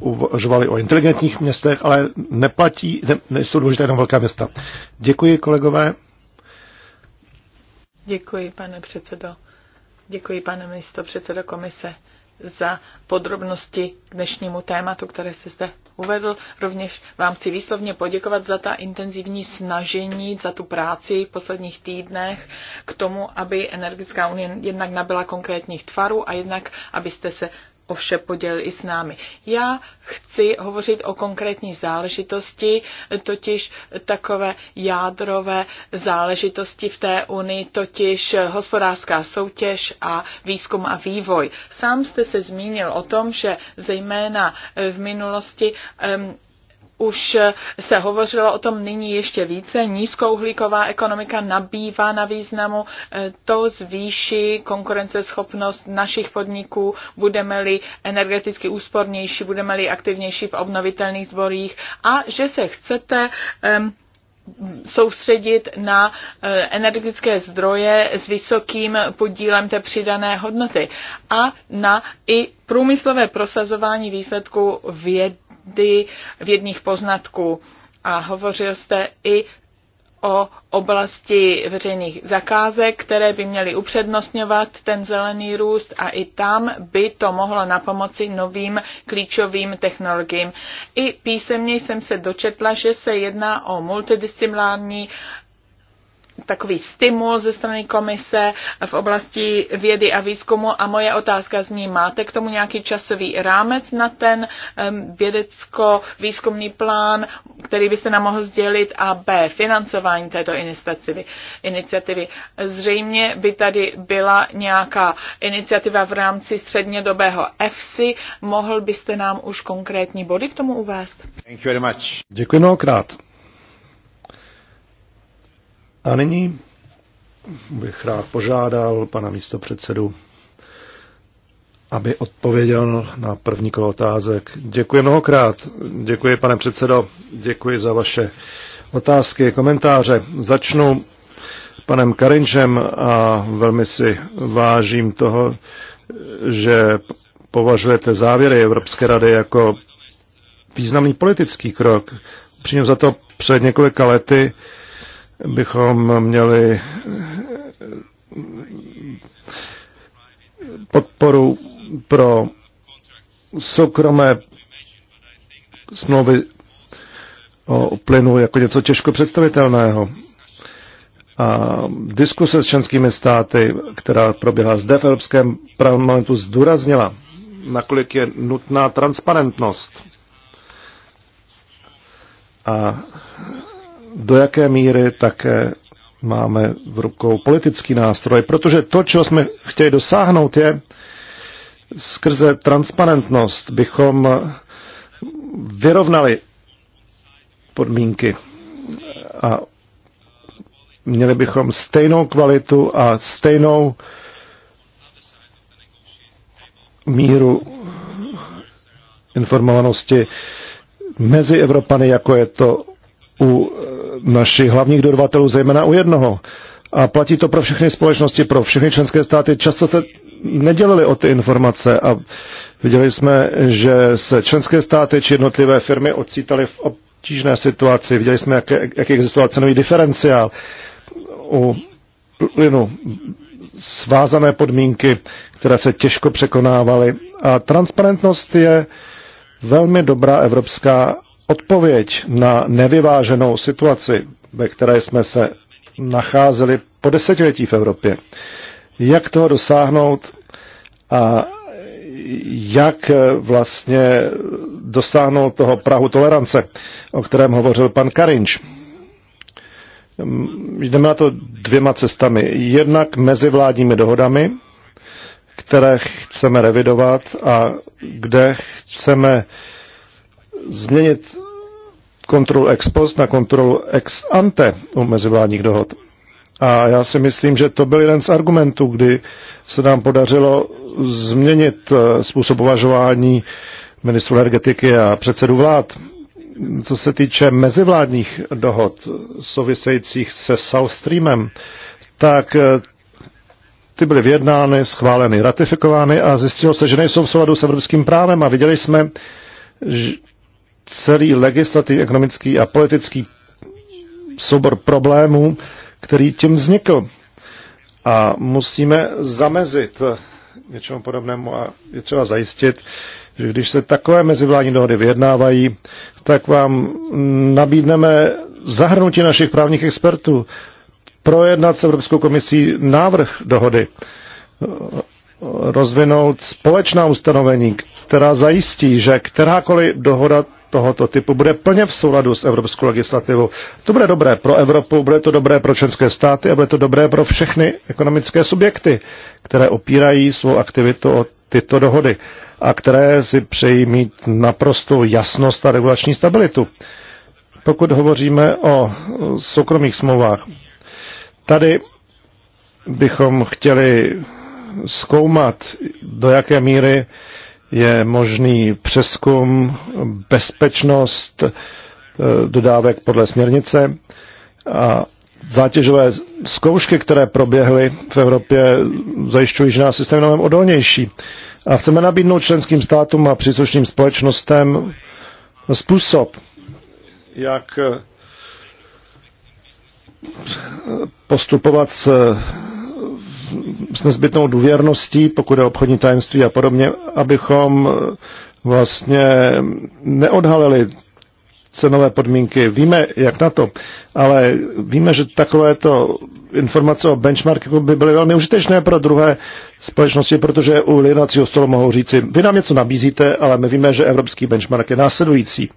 uvažovali o inteligentních městech, ale neplatí, ne, nejsou důležité jenom velká města. Děkuji, kolegové. Děkuji, pane předsedo. Děkuji, pane místo předsedo komise, za podrobnosti k dnešnímu tématu, které se zde uvedl. Rovněž vám chci výslovně poděkovat za ta intenzivní snažení, za tu práci v posledních týdnech k tomu, aby Energetická unie jednak nabyla konkrétních tvarů a jednak, abyste se o vše podělil i s námi. Já chci hovořit o konkrétní záležitosti, totiž takové jádrové záležitosti v té unii, totiž hospodářská soutěž a výzkum a vývoj. Sám jste se zmínil o tom, že zejména v minulosti už se hovořilo o tom nyní ještě více. Nízkouhlíková ekonomika nabývá na významu. E, to zvýší konkurenceschopnost našich podniků, budeme-li energeticky úspornější, budeme-li aktivnější v obnovitelných zborích a že se chcete soustředit na e, energetické zdroje s vysokým podílem té přidané hodnoty a na i průmyslové prosazování výsledků vědy vědy, vědních poznatků a hovořil jste i o oblasti veřejných zakázek, které by měly upřednostňovat ten zelený růst a i tam by to mohlo na pomoci novým klíčovým technologiím. I písemně jsem se dočetla, že se jedná o multidisciplinární takový stimul ze strany komise v oblasti vědy a výzkumu a moje otázka zní, máte k tomu nějaký časový rámec na ten vědecko-výzkumný plán, který byste nám mohl sdělit a B, financování této iniciativy. Zřejmě by tady byla nějaká iniciativa v rámci střednědobého EFSI, mohl byste nám už konkrétní body k tomu uvést? Děkuji mnohokrát. A nyní bych rád požádal pana místopředsedu, aby odpověděl na první kolo otázek. Děkuji mnohokrát. Děkuji, pane předsedo. Děkuji za vaše otázky, komentáře. Začnu panem Karinčem a velmi si vážím toho, že považujete závěry Evropské rady jako významný politický krok. Přímě za to před několika lety uh, bychom měli eh, podporu pro soukromé smlouvy o plynu jako něco těžko představitelného. A diskuse s členskými státy, která proběhla zde v Evropském parlamentu, zdůraznila, nakolik je nutná transparentnost. A do jaké míry také máme v rukou politický nástroj, protože to, čeho jsme chtěli dosáhnout, je skrze transparentnost bychom vyrovnali podmínky a měli bychom stejnou kvalitu a stejnou míru informovanosti mezi Evropany, jako je to u našich hlavních dodavatelů, zejména u jednoho. A platí to pro všechny společnosti, pro všechny členské státy. Často se nedělili o ty informace a viděli jsme, že se členské státy či jednotlivé firmy ocítaly v obtížné situaci. Viděli jsme, jak, jak existoval cenový diferenciál u plynu, svázané podmínky, které se těžko překonávaly. A transparentnost je velmi dobrá evropská odpověď na nevyváženou situaci, ve které jsme se nacházeli po desetiletí v Evropě. Jak toho dosáhnout a jak vlastně dosáhnout toho Prahu tolerance, o kterém hovořil pan Karinč. Jdeme na to dvěma cestami. Jednak mezivládními dohodami, které chceme revidovat a kde chceme změnit kontrolu ex post na kontrolu ex ante u mezivládních dohod. A já si myslím, že to byl jeden z argumentů, kdy se nám podařilo změnit eh, způsob uvažování ministru energetiky a předsedu vlád. Co se týče mezivládních dohod souvisejících se South Streamem, tak eh, ty byly vyjednány, schváleny, ratifikovány a zjistilo se, že nejsou v souladu s evropským právem a viděli jsme, celý legislativní, ekonomický a politický soubor problémů, který tím vznikl. A musíme zamezit něčemu podobnému a je třeba zajistit, že když se takové mezivládní dohody vyjednávají, tak vám nabídneme zahrnutí našich právních expertů, projednat s Evropskou komisí návrh dohody, rozvinout společná ustanovení, která zajistí, že kterákoliv dohoda tohoto typu bude plně v souladu s evropskou legislativou. To bude dobré pro Evropu, bude to dobré pro členské státy a bude to dobré pro všechny ekonomické subjekty, které opírají svou aktivitu o tyto dohody a které si přejí mít naprosto jasnost a regulační stabilitu. Pokud hovoříme o soukromých smlouvách, tady bychom chtěli zkoumat, do jaké míry je možný přeskum, bezpečnost eh, dodávek podle směrnice a zátěžové zkoušky, které proběhly v Evropě, zajišťují, že náš systém je odolnější. A chceme nabídnout členským státům a příslušným společnostem způsob, jak eh, postupovat s s nezbytnou důvěrností, pokud je obchodní tajemství a podobně, abychom eh, vlastně neodhalili cenové podmínky. Víme, jak na to, ale víme, že takovéto informace o benchmarku by byly velmi užitečné pro druhé společnosti, protože u jednacího stolu mohou říci, vy nám něco nabízíte, ale my víme, že evropský benchmark je následující.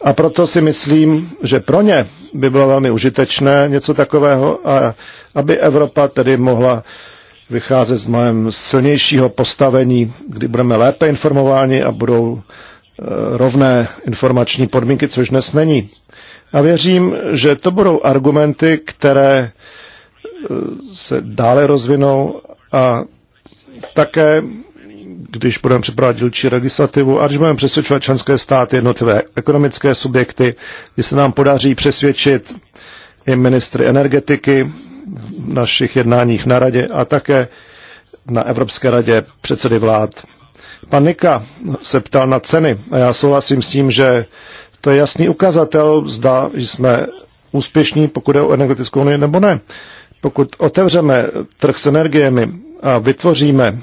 A proto si myslím, že pro ně by bylo velmi užitečné něco takového, a aby Evropa tedy mohla vycházet z mnohem silnějšího postavení, kdy budeme lépe informováni a budou eh, rovné informační podmínky, což dnes není. A věřím, že to budou argumenty, které eh, se dále rozvinou a také když budeme připravovat dílčí legislativu a když budeme přesvědčovat členské státy, jednotlivé ekonomické subjekty, kdy se nám podaří přesvědčit i ministry energetiky v našich jednáních na radě a také na Evropské radě předsedy vlád. Pan Nika se ptal na ceny a já souhlasím s tím, že to je jasný ukazatel, zda jsme úspěšní, pokud je o energetickou unii nebo ne. Pokud otevřeme trh s energiemi a vytvoříme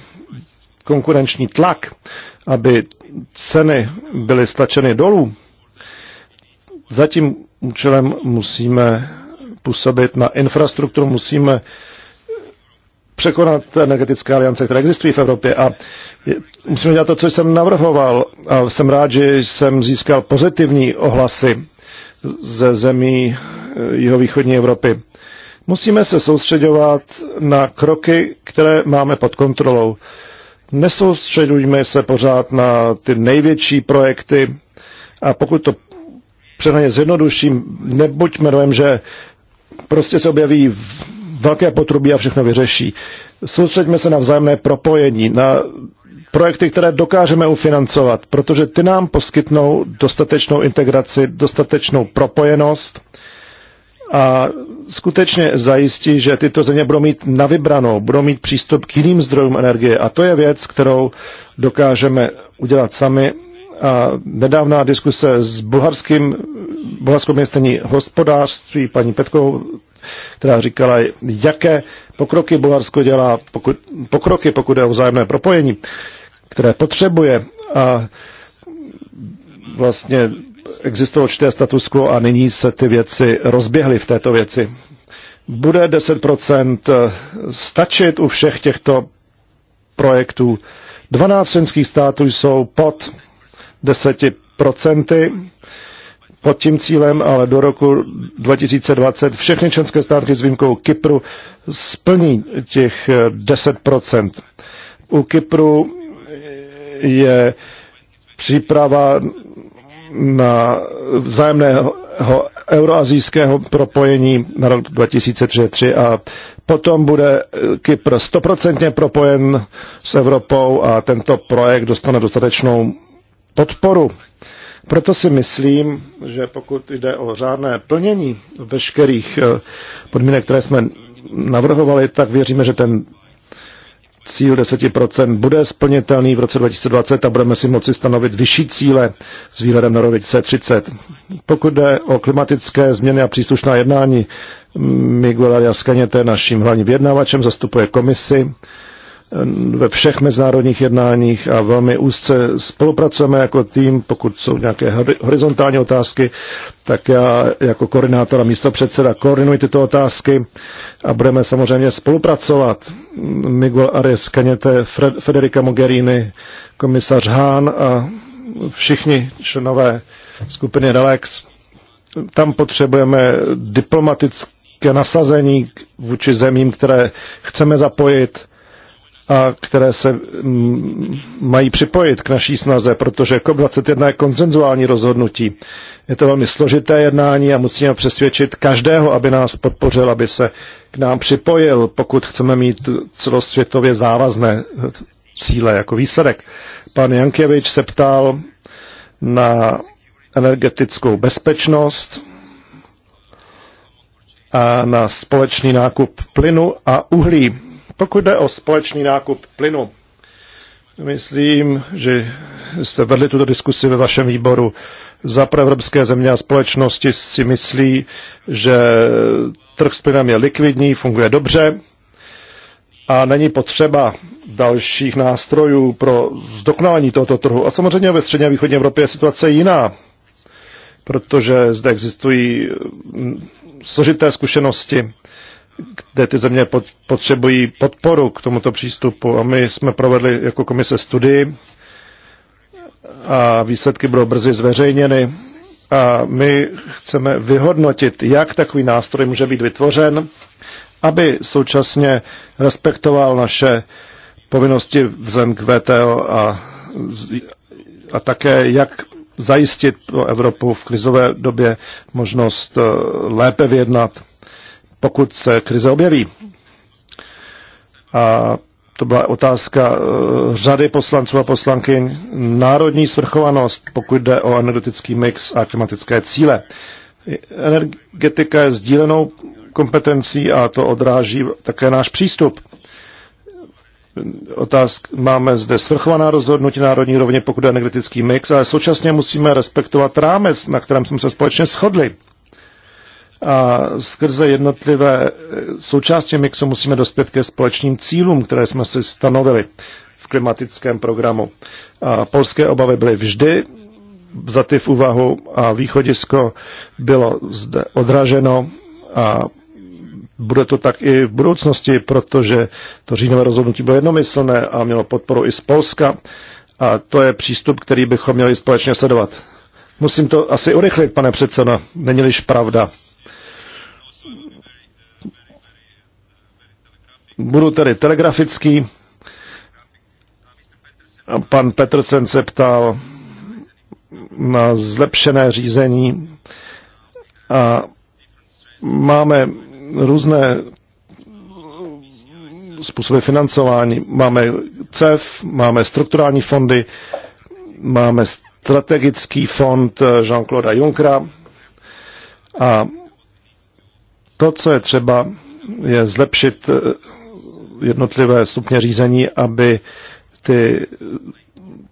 konkurenční tlak, aby ceny byly stlačeny dolů, za tím účelem musíme působit na infrastrukturu, musíme překonat energetické aliance, které existují v Evropě a musíme dělat to, co jsem navrhoval a jsem rád, že jsem získal pozitivní ohlasy ze zemí eh, jihovýchodní Evropy. Musíme se soustředovat na kroky, které máme pod kontrolou. Nesoustředujme se pořád na ty největší projekty a pokud to přenaně zjednoduším, nebuďme dojem, že prostě se objeví velké potrubí a všechno vyřeší. Soustředíme se na vzájemné propojení, na projekty, které dokážeme ufinancovat, protože ty nám poskytnou dostatečnou integraci, dostatečnou propojenost a skutečně zajistí, že tyto země budou mít na vybranou, budou mít přístup k jiným zdrojům energie. A to je věc, kterou dokážeme udělat sami. A nedávná diskuse s bulharským, bulharskou městení hospodářství, paní Petkou, která říkala, jaké pokroky Bulharsko dělá, pokud, pokroky, pokud je o vzájemné propojení, které potřebuje. A vlastně existovalo určité status quo a nyní se ty věci rozběhly v této věci. Bude 10% eh, stačit u všech těchto projektů? 12 členských států jsou pod 10% pod tím cílem, ale do roku 2020 všechny členské státy s výjimkou Kypru splní těch 10%. Eh, u Kypru je příprava na vzájemného euroazijského propojení na rok 2003 a potom bude eh, Kypr stoprocentně propojen s Evropou a tento projekt dostane dostatečnou podporu. Proto si myslím, že pokud jde o řádné plnění veškerých eh, podmínek, které jsme navrhovali, tak věříme, že ten cíl 10% bude splnitelný v roce 2020 a budeme si moci stanovit vyšší cíle s výhledem na rok 2030. Pokud jde o klimatické změny a příslušná jednání, Miguel Arias Caněte naším hlavním vyjednavačem, zastupuje komisi ve všech mezinárodních jednáních a velmi úzce spolupracujeme jako tým, pokud jsou nějaké horizontální otázky, tak já jako koordinátor a místo předseda koordinuji tyto otázky a budeme samozřejmě spolupracovat. Miguel Arias Kaněte, Federica Mogherini, komisař Hahn a všichni členové skupiny Relax. Tam potřebujeme diplomatické nasazení vůči zemím, které chceme zapojit a které se mm, mají připojit k naší snaze, protože COP21 je konsenzuální rozhodnutí. Je to velmi složité jednání a musíme přesvědčit každého, aby nás podpořil, aby se k nám připojil, pokud chceme mít celosvětově závazné cíle jako výsledek. Pan Jankěvič se ptal na energetickou bezpečnost a na společný nákup plynu a uhlí pokud jde o společný nákup plynu, myslím, že jste vedli tuto diskusi ve vašem výboru. Za evropské země a společnosti si myslí, že trh s plynem je likvidní, funguje dobře a není potřeba dalších nástrojů pro zdokonalení tohoto trhu. A samozřejmě ve střední a východní Evropě je situace jiná, protože zde existují mm, složité zkušenosti kde ty země potřebují podporu k tomuto přístupu. A my jsme provedli jako komise studii a výsledky budou brzy zveřejněny. A my chceme vyhodnotit, jak takový nástroj může být vytvořen, aby současně respektoval naše povinnosti vzem k VTO a, a také jak zajistit pro Evropu v krizové době možnost eh, lépe vyjednat pokud se krize objeví. A to byla otázka eh, řady poslanců a poslankyň. Národní svrchovanost, pokud jde o energetický mix a klimatické cíle. Energetika je sdílenou kompetencí a to odráží také náš přístup. Otázka máme zde svrchovaná rozhodnutí národní rovně, pokud je energetický mix, ale současně musíme respektovat rámec, na kterém jsme se společně shodli a skrze jednotlivé součásti mixu musíme dospět ke společným cílům, které jsme si stanovili v klimatickém programu. A polské obavy byly vždy ty v úvahu a východisko bylo zde odraženo a bude to tak i v budoucnosti, protože to říjnové rozhodnutí bylo jednomyslné a mělo podporu i z Polska a to je přístup, který bychom měli společně sledovat. Musím to asi urychlit, pane předsedo, není-liž pravda, Budu tedy telegrafický. Pan Petersen se ptal na zlepšené řízení a máme různé způsoby financování. Máme CEF, máme strukturální fondy, máme strategický fond Jean-Claude Junckera a to, co je třeba, je zlepšit jednotlivé stupně řízení, aby ty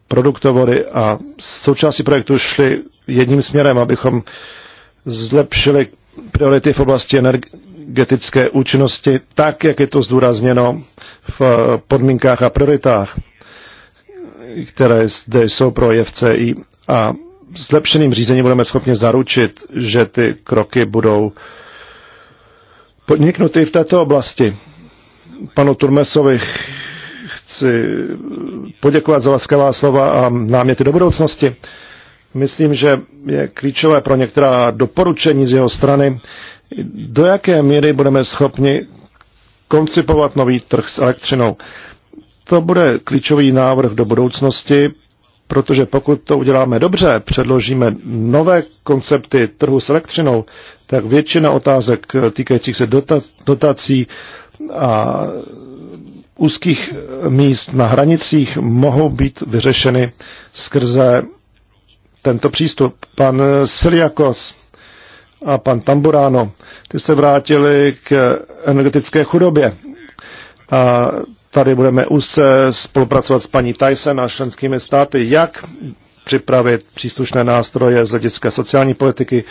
produktovody a součástí projektu šly jedním směrem, abychom zlepšili priority v oblasti energetické účinnosti tak, jak je to zdůrazněno v podmínkách a prioritách, které zde jsou pro JFCI. A zlepšeným řízením budeme schopni zaručit, že ty kroky budou podniknuty v této oblasti panu Turmesovi chci poděkovat za laskavá slova a náměty do budoucnosti. Myslím, že je klíčové pro některá doporučení z jeho strany, do jaké míry budeme schopni koncipovat nový trh s elektřinou. To bude klíčový návrh do budoucnosti, protože pokud to uděláme dobře, předložíme nové koncepty trhu s elektřinou, tak většina otázek týkajících se dotací a úzkých míst na hranicích mohou být vyřešeny skrze tento přístup. Pan Siliakos a pan Tamburano, ty se vrátili k energetické chudobě. A tady budeme úzce spolupracovat s paní Tyson a členskými státy, jak připravit příslušné nástroje z hlediska sociální politiky,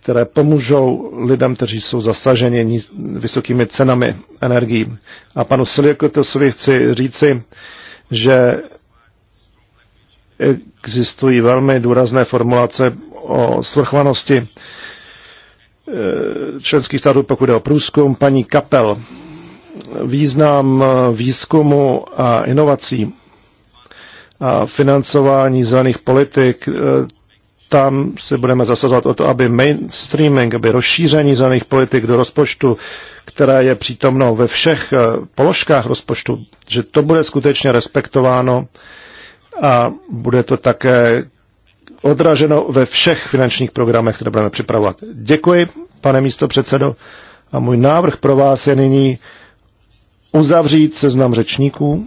které pomůžou lidem, kteří jsou zasaženi vysokými cenami energií. A panu Silikotosovi chci říci, že existují velmi důrazné formulace o svrchovanosti eh, členských států, pokud je o průzkum. Paní Kapel, význam výzkumu a inovací a financování zelených politik, eh, tam se budeme zasazovat o to, aby mainstreaming, aby rozšíření zelených politik do rozpočtu, která je přítomno ve všech eh, položkách rozpočtu, že to bude skutečně respektováno a bude to také odraženo ve všech finančních programech, které budeme připravovat. Děkuji, pane místo předsedo, a můj návrh pro vás je nyní uzavřít seznam řečníků.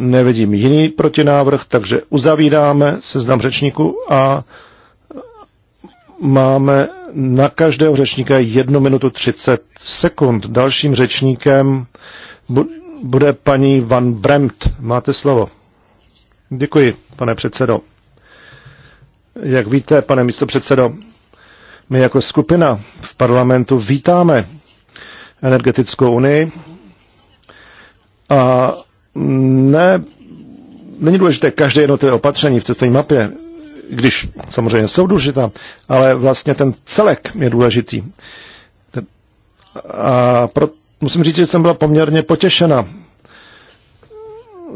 Nevidím jiný protinávrh, takže uzavíráme seznam řečníků a máme na každého řečníka 1 minutu 30 sekund. Dalším řečníkem bude paní Van Bremt. Máte slovo. Děkuji, pane předsedo. Jak víte, pane místopředsedo, my jako skupina v parlamentu vítáme energetickou unii a ne, není důležité každé jednotlivé opatření v cestovní mapě, když samozřejmě jsou důležitá, ale vlastně ten celek je důležitý. A pro, musím říct, že jsem byla poměrně potěšena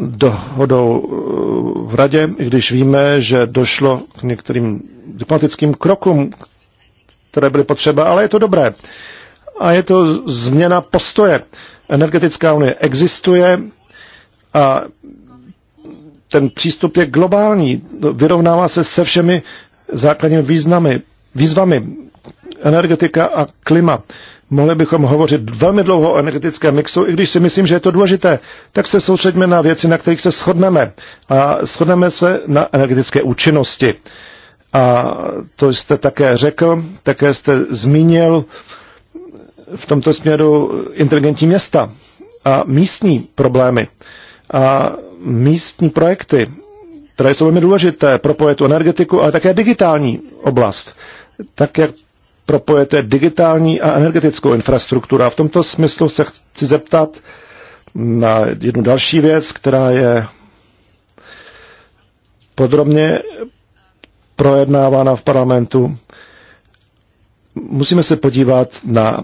dohodou eh, v radě, i když víme, že došlo k některým diplomatickým krokům, které byly potřeba, ale je to dobré. A je to změna postoje. Energetická unie existuje, a ten přístup je globální, vyrovnává se se všemi základními významy, výzvami energetika a klima. Mohli bychom hovořit velmi dlouho o energetickém mixu, i když si myslím, že je to důležité, tak se soustředíme na věci, na kterých se shodneme. A shodneme se na energetické účinnosti. A to jste také řekl, také jste zmínil v tomto směru inteligentní města a místní problémy a místní projekty, které jsou velmi důležité, propojit tu energetiku, ale také digitální oblast. Tak, jak propojete digitální a energetickou infrastrukturu. A v tomto smyslu se chci zeptat na jednu další věc, která je podrobně projednávána v parlamentu. Musíme se podívat na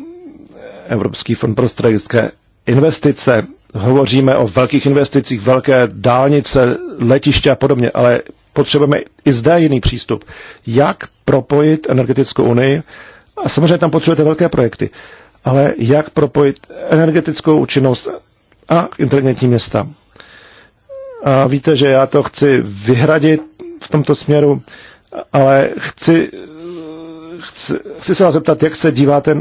Evropský fond pro strategické investice, hovoříme o velkých investicích, velké dálnice, letiště a podobně, ale potřebujeme i zde jiný přístup. Jak propojit energetickou unii? A samozřejmě tam potřebujete velké projekty, ale jak propojit energetickou účinnost a inteligentní města? A víte, že já to chci vyhradit v tomto směru, ale chci, chci, chci se vás zeptat, jak se díváte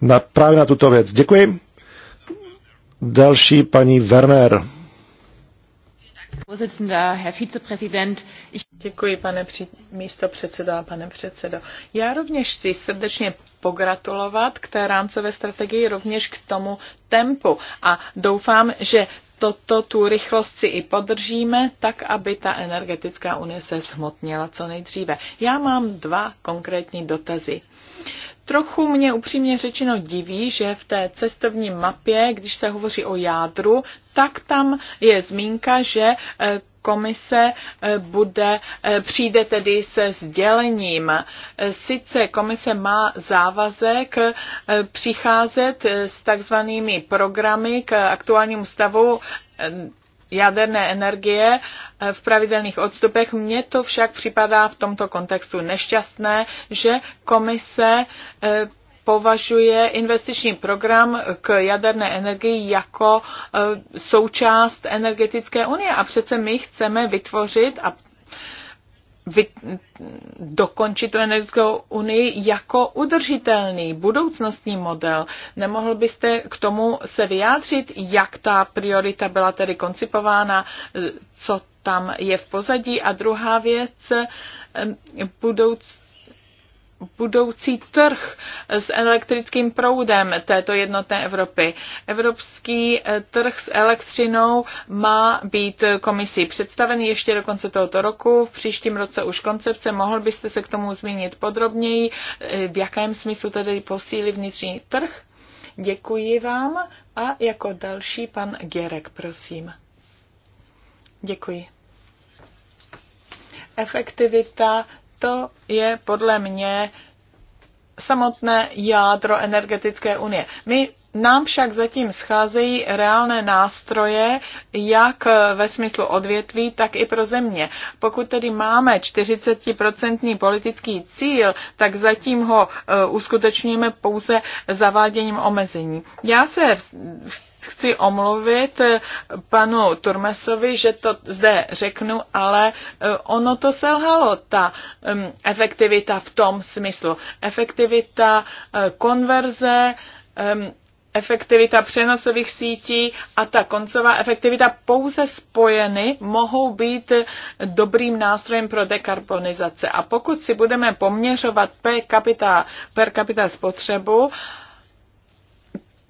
na, právě na tuto věc. Děkuji. Další paní Werner. Děkuji, pane při- místo předseda, pane předsedo. Já rovněž chci srdečně pogratulovat k té rámcové strategii, rovněž k tomu tempu a doufám, že toto, tu rychlost si i podržíme, tak aby ta energetická unie se zhmotnila co nejdříve. Já mám dva konkrétní dotazy. Trochu mě upřímně řečeno diví, že v té cestovní mapě, když se hovoří o jádru, tak tam je zmínka, že eh, komise eh, bude, eh, přijde tedy se sdělením. Sice komise má závazek přicházet s takzvanými programy k aktuálnímu stavu jaderné energie eh, v pravidelných odstupech. Mně to však připadá v tomto kontextu nešťastné, že komise eh, považuje investiční program k jaderné energii jako eh, součást energetické unie. A přece my chceme vytvořit a vy, dokončit energetickou unii jako udržitelný budoucnostní model. Nemohl byste k tomu se vyjádřit, jak ta priorita byla tedy koncipována, co tam je v pozadí? A druhá věc, budoucnost budoucí trh s elektrickým proudem této jednotné Evropy. Evropský eh, trh s elektřinou má být komisí představen ještě do konce tohoto roku, v příštím roce už koncepce. Mohl byste se k tomu zmínit podrobněji, eh, v jakém smyslu tedy posílí vnitřní trh? Děkuji vám a jako další pan Gerek, prosím. Děkuji efektivita to je podle mě samotné jádro energetické unie. My nám však zatím scházejí reálné nástroje, jak ve smyslu odvětví, tak i pro země. Pokud tedy máme 40% politický cíl, tak zatím ho eh, uskutečníme pouze zaváděním omezení. Já se chci omluvit eh, panu Turmesovi, že to zde řeknu, ale eh, ono to selhalo, ta efektivita v tom smyslu. Efektivita konverze, efektivita přenosových sítí a ta koncová efektivita pouze spojeny mohou být dobrým nástrojem pro dekarbonizace. A pokud si budeme poměřovat per capita, per capita spotřebu,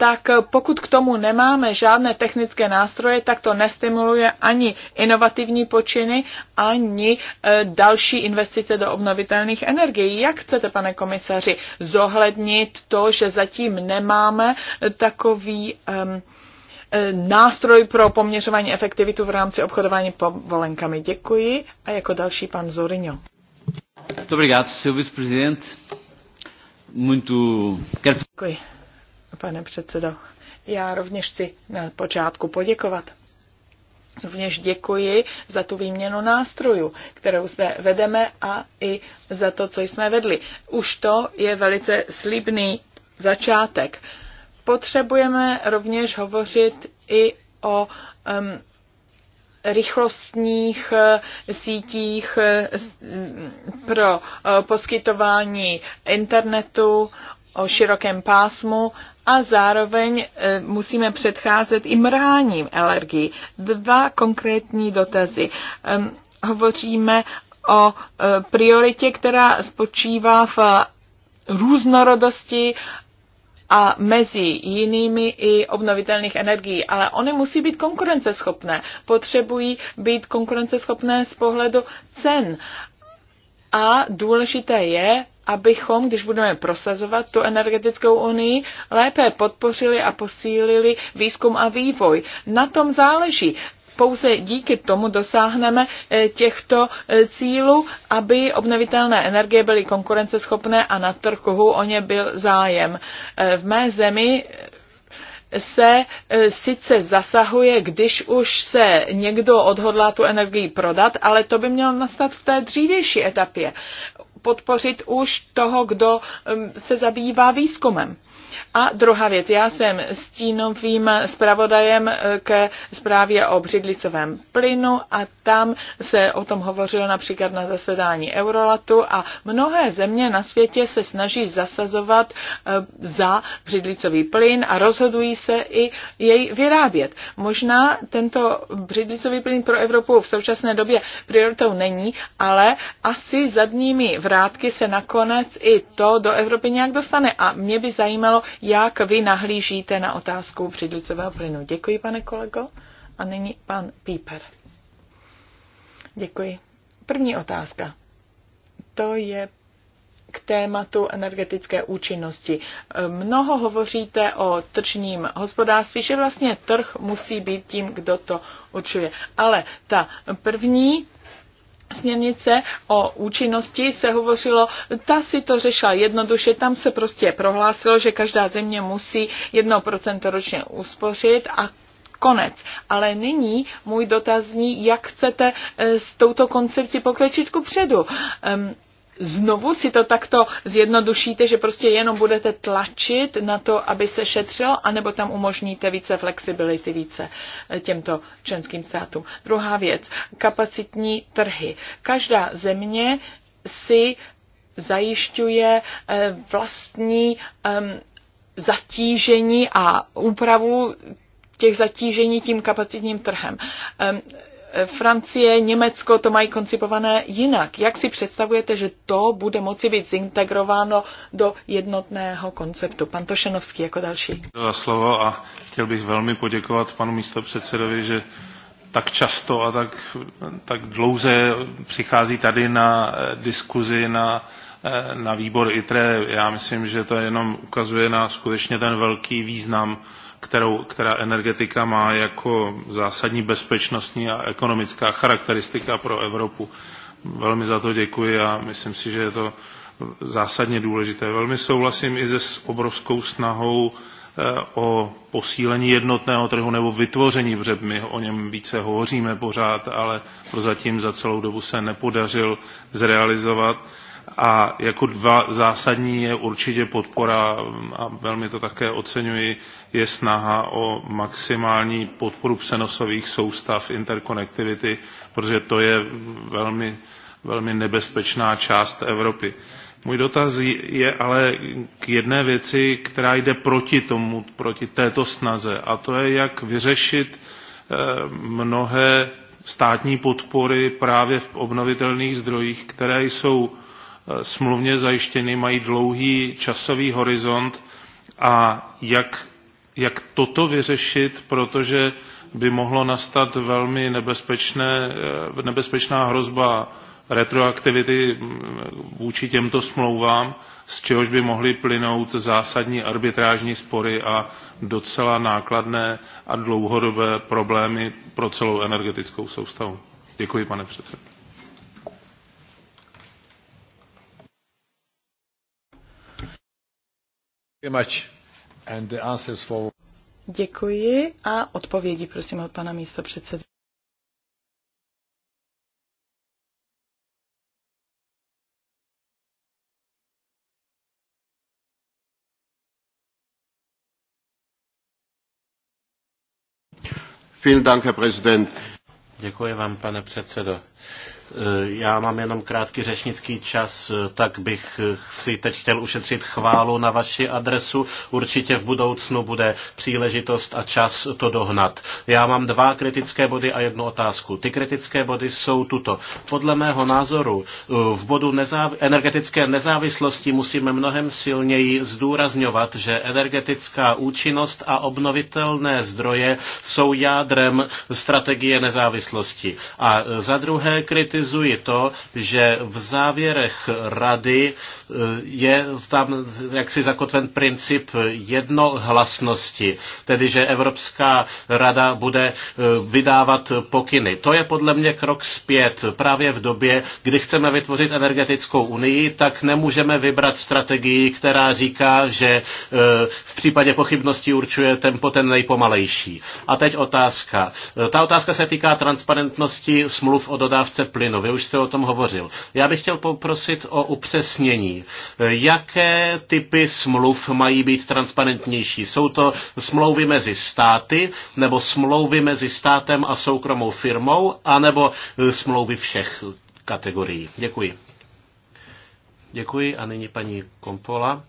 tak pokud k tomu nemáme žádné technické nástroje, tak to nestimuluje ani inovativní počiny, ani e, další investice do obnovitelných energií. Jak chcete, pane komisaři, zohlednit to, že zatím nemáme e, takový um, nástroj pro poměřování efektivitu v rámci obchodování povolenkami. Děkuji. A jako další pan Zorinho. Obrigado, Děkuji. Vice-Presidente. Muito... Děkuji pane předsedo. Já rovněž chci na počátku poděkovat. Rovněž děkuji za tu výměnu nástrojů, kterou zde vedeme a i za to, co jsme vedli. Už to je velice slibný začátek. Potřebujeme rovněž hovořit i o um, rychlostních eh, sítích eh, mm, pro eh, poskytování internetu o širokém pásmu a zároveň eh, musíme předcházet i mráním alergií. Dva konkrétní dotazy. Hovoříme o eh, prioritě, která spočívá v eh, různorodosti a mezi jinými i obnovitelných energií, ale ony musí být konkurenceschopné. Potřebují být konkurenceschopné z pohledu cen. A důležité je abychom, když budeme prosazovat tu energetickou unii, lépe podpořili a posílili výzkum a vývoj. Na tom záleží pouze díky tomu dosáhneme eh, těchto eh, cílů, aby obnovitelné energie byly konkurenceschopné a na trhu o ně byl zájem. Eh, v mé zemi se sice zasahuje, když už se někdo odhodlá tu energii prodat, ale to by mělo nastat v té dřívější etapě podpořit už toho, kdo um, se zabývá výzkumem. A druhá věc, já jsem stínovým zpravodajem eh, ke zprávě o břidlicovém plynu a tam se o tom hovořilo například na zasedání Eurolatu a mnohé země na světě se snaží zasazovat eh, za břidlicový plyn a rozhodují se i jej vyrábět. Možná tento břidlicový plyn pro Evropu v současné době prioritou není, ale asi zadními vratky vrátky se nakonec i to do Evropy nějak dostane. A mě by zajímalo, jak vy nahlížíte na otázku přidlicového plynu. Děkuji, pane kolego. A nyní pan Píper. Děkuji. První otázka. To je k tématu energetické účinnosti. Mnoho hovoříte o tržním hospodářství, že vlastně trh musí být tím, kdo to určuje. Ale ta první směrnice o účinnosti se hovořilo, ta si to řešila jednoduše, tam se prostě prohlásilo, že každá země musí 1% ročně uspořit a konec. Ale nyní můj dotaz zní, jak chcete eh, s touto koncepcí pokračit ku předu znovu si to takto zjednodušíte, že prostě jenom budete tlačit na to, aby se šetřilo, anebo tam umožníte více flexibility, více eh, těmto členským státům. Druhá věc, kapacitní trhy. Každá země si zajišťuje eh, vlastní ehm, zatížení a úpravu těch zatížení tím kapacitním trhem. Ehm, Francie, Německo to mají koncipované jinak. Jak si představujete, že to bude moci být zintegrováno do jednotného konceptu? Pan Tošenovský jako další. Za slovo a chtěl bych velmi poděkovat panu místopředsedovi, že tak často a tak, tak dlouze přichází tady na eh, diskuzi na, eh, na výbor ITRE. Já myslím, že to jenom ukazuje na skutečně ten velký význam kterou, která energetika má jako zásadní bezpečnostní a ekonomická charakteristika pro Evropu. Velmi za to děkuji a myslím si, že je to zásadně důležité. Velmi souhlasím i se s obrovskou snahou eh, o posílení jednotného trhu nebo vytvoření, protože my o něm více hovoříme pořád, ale prozatím za celou dobu se nepodařil zrealizovat a jako dva zásadní je určitě podpora, a velmi to také oceňuji, je snaha o maximální podporu přenosových soustav interkonektivity, protože to je velmi, velmi nebezpečná část Evropy. Můj dotaz je ale k jedné věci, která jde proti tomu, proti této snaze, a to je, jak vyřešit eh, mnohé státní podpory právě v obnovitelných zdrojích, které jsou Eh, smluvně zajištěny, mají dlouhý časový horizont a jak, jak toto vyřešit, protože by mohlo nastat velmi nebezpečné, eh, nebezpečná hrozba retroaktivity mm, vůči těmto smlouvám, z čehož by mohly plynout zásadní arbitrážní spory a docela nákladné a dlouhodobé problémy pro celou energetickou soustavu. Děkuji, pane předsedo. Děkuji a odpovědi prosím od pana místo předsedy. Děkuji vám, pane předsedo. Eh, já mám jenom krátký řečnický čas, eh, tak bych eh, si teď chtěl ušetřit chválu na vaši adresu. Určitě v budoucnu bude příležitost a čas to dohnat. Já mám dva kritické body a jednu otázku. Ty kritické body jsou tuto. Podle mého názoru v bodu nezáv- energetické nezávislosti musíme mnohem silněji zdůrazňovat, že energetická účinnost a obnovitelné zdroje jsou jádrem strategie nezávislosti. A za druhé kritické kritizuji to, že v závěrech rady eh, je tam jaksi zakotven princip jednohlasnosti, tedy že Evropská rada bude eh, vydávat pokyny. To je podle mě krok zpět. Právě v době, kdy chceme vytvořit energetickou unii, tak nemůžeme vybrat strategii, která říká, že eh, v případě pochybnosti určuje tempo ten nejpomalejší. A teď otázka. Ta otázka se týká transparentnosti smluv o dodávce plynu plynu. Vy už jste o tom hovořil. Já bych chtěl poprosit o upřesnění. Jaké typy smluv mají být transparentnější? Jsou to smlouvy mezi státy, nebo smlouvy mezi státem a soukromou firmou, anebo smlouvy všech kategorií? Děkuji. Děkuji a nyní paní Kompola.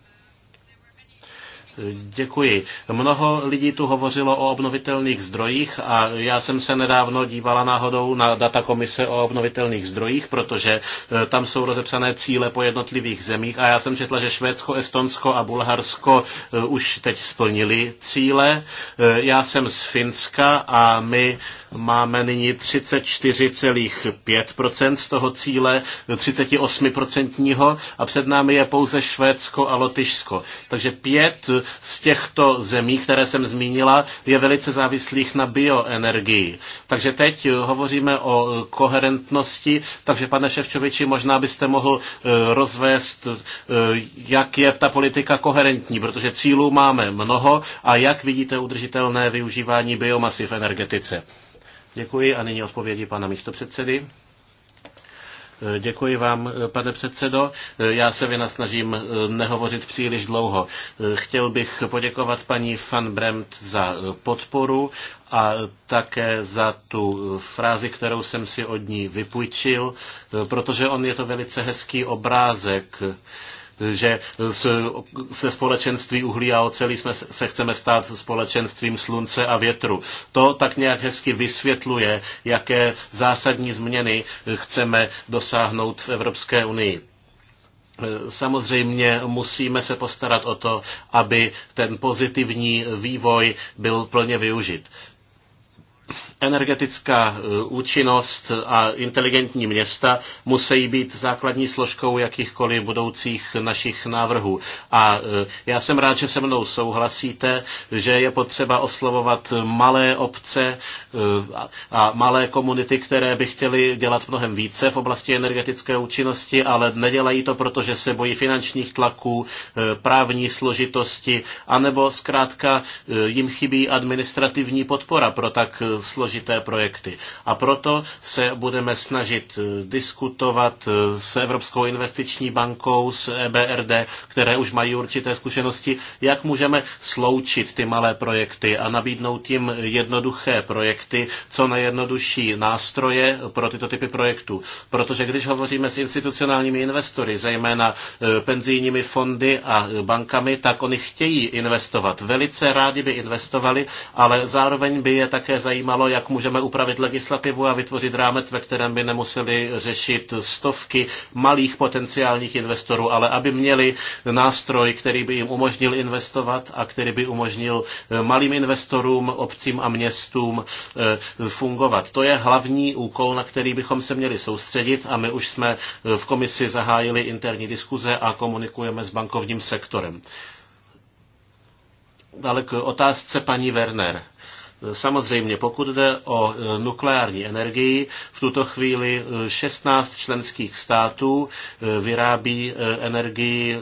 Děkuji. Mnoho lidí tu hovořilo o obnovitelných zdrojích a já jsem se nedávno dívala náhodou na data komise o obnovitelných zdrojích, protože eh, tam jsou rozepsané cíle po jednotlivých zemích a já jsem četla, že Švédsko, Estonsko a Bulharsko eh, už teď splnili cíle. Eh, já jsem z Finska a my Máme nyní 34,5% z toho cíle 38% a před námi je pouze Švédsko a Lotyšsko. Takže pět z těchto zemí, které jsem zmínila, je velice závislých na bioenergii. Takže teď hovoříme o koherentnosti, takže pane Ševčoviči, možná byste mohl eh, rozvést, eh, jak je ta politika koherentní, protože cílů máme mnoho a jak vidíte udržitelné využívání biomasy v energetice. Děkuji a nyní odpovědi pana místopředsedy. Eh, děkuji vám, eh, pane předsedo. Eh, já se snažím nehovořit příliš dlouho. Chtěl bych poděkovat paní Van Bremt za podporu a také za tu frázi, kterou jsem si od ní vypůjčil, protože on je to velice hezký obrázek že se společenství uhlí a ocelí jsme, se chceme stát společenstvím slunce a větru. To tak nějak hezky vysvětluje, jaké zásadní změny chceme dosáhnout v Evropské unii. Samozřejmě musíme se postarat o to, aby ten pozitivní vývoj byl plně využit energetická eh, účinnost a inteligentní města musí být základní složkou jakýchkoliv budoucích našich návrhů. A eh, já jsem rád, že se mnou souhlasíte, že je potřeba oslovovat malé obce eh, a malé komunity, které by chtěly dělat mnohem více v oblasti energetické účinnosti, ale nedělají to, protože se bojí finančních tlaků, právní složitosti, anebo zkrátka jim chybí administrativní podpora pro tak složitosti důležité projekty. A proto se budeme snažit eh, diskutovat eh, s Evropskou investiční bankou, s EBRD, které už mají určité zkušenosti, jak můžeme sloučit ty malé projekty a nabídnout jim jednoduché projekty, co nejjednodušší nástroje pro tyto typy projektů. Protože když hovoříme s institucionálními investory, zejména eh, penzijními fondy a bankami, tak oni chtějí investovat. Velice rádi by investovali, ale zároveň by je také zajímalo, jak jak můžeme upravit legislativu a vytvořit rámec, ve kterém by nemuseli řešit stovky malých potenciálních investorů, ale aby měli nástroj, který by jim umožnil investovat a který by umožnil eh, malým investorům, obcím a městům eh, fungovat. To je hlavní úkol, na který bychom se měli soustředit a my už jsme eh, v komisi zahájili interní diskuze a komunikujeme s bankovním sektorem. Dále k otázce paní Werner. Samozřejmě, pokud jde o e, nukleární energii, v tuto chvíli 16 e, členských států e, vyrábí energii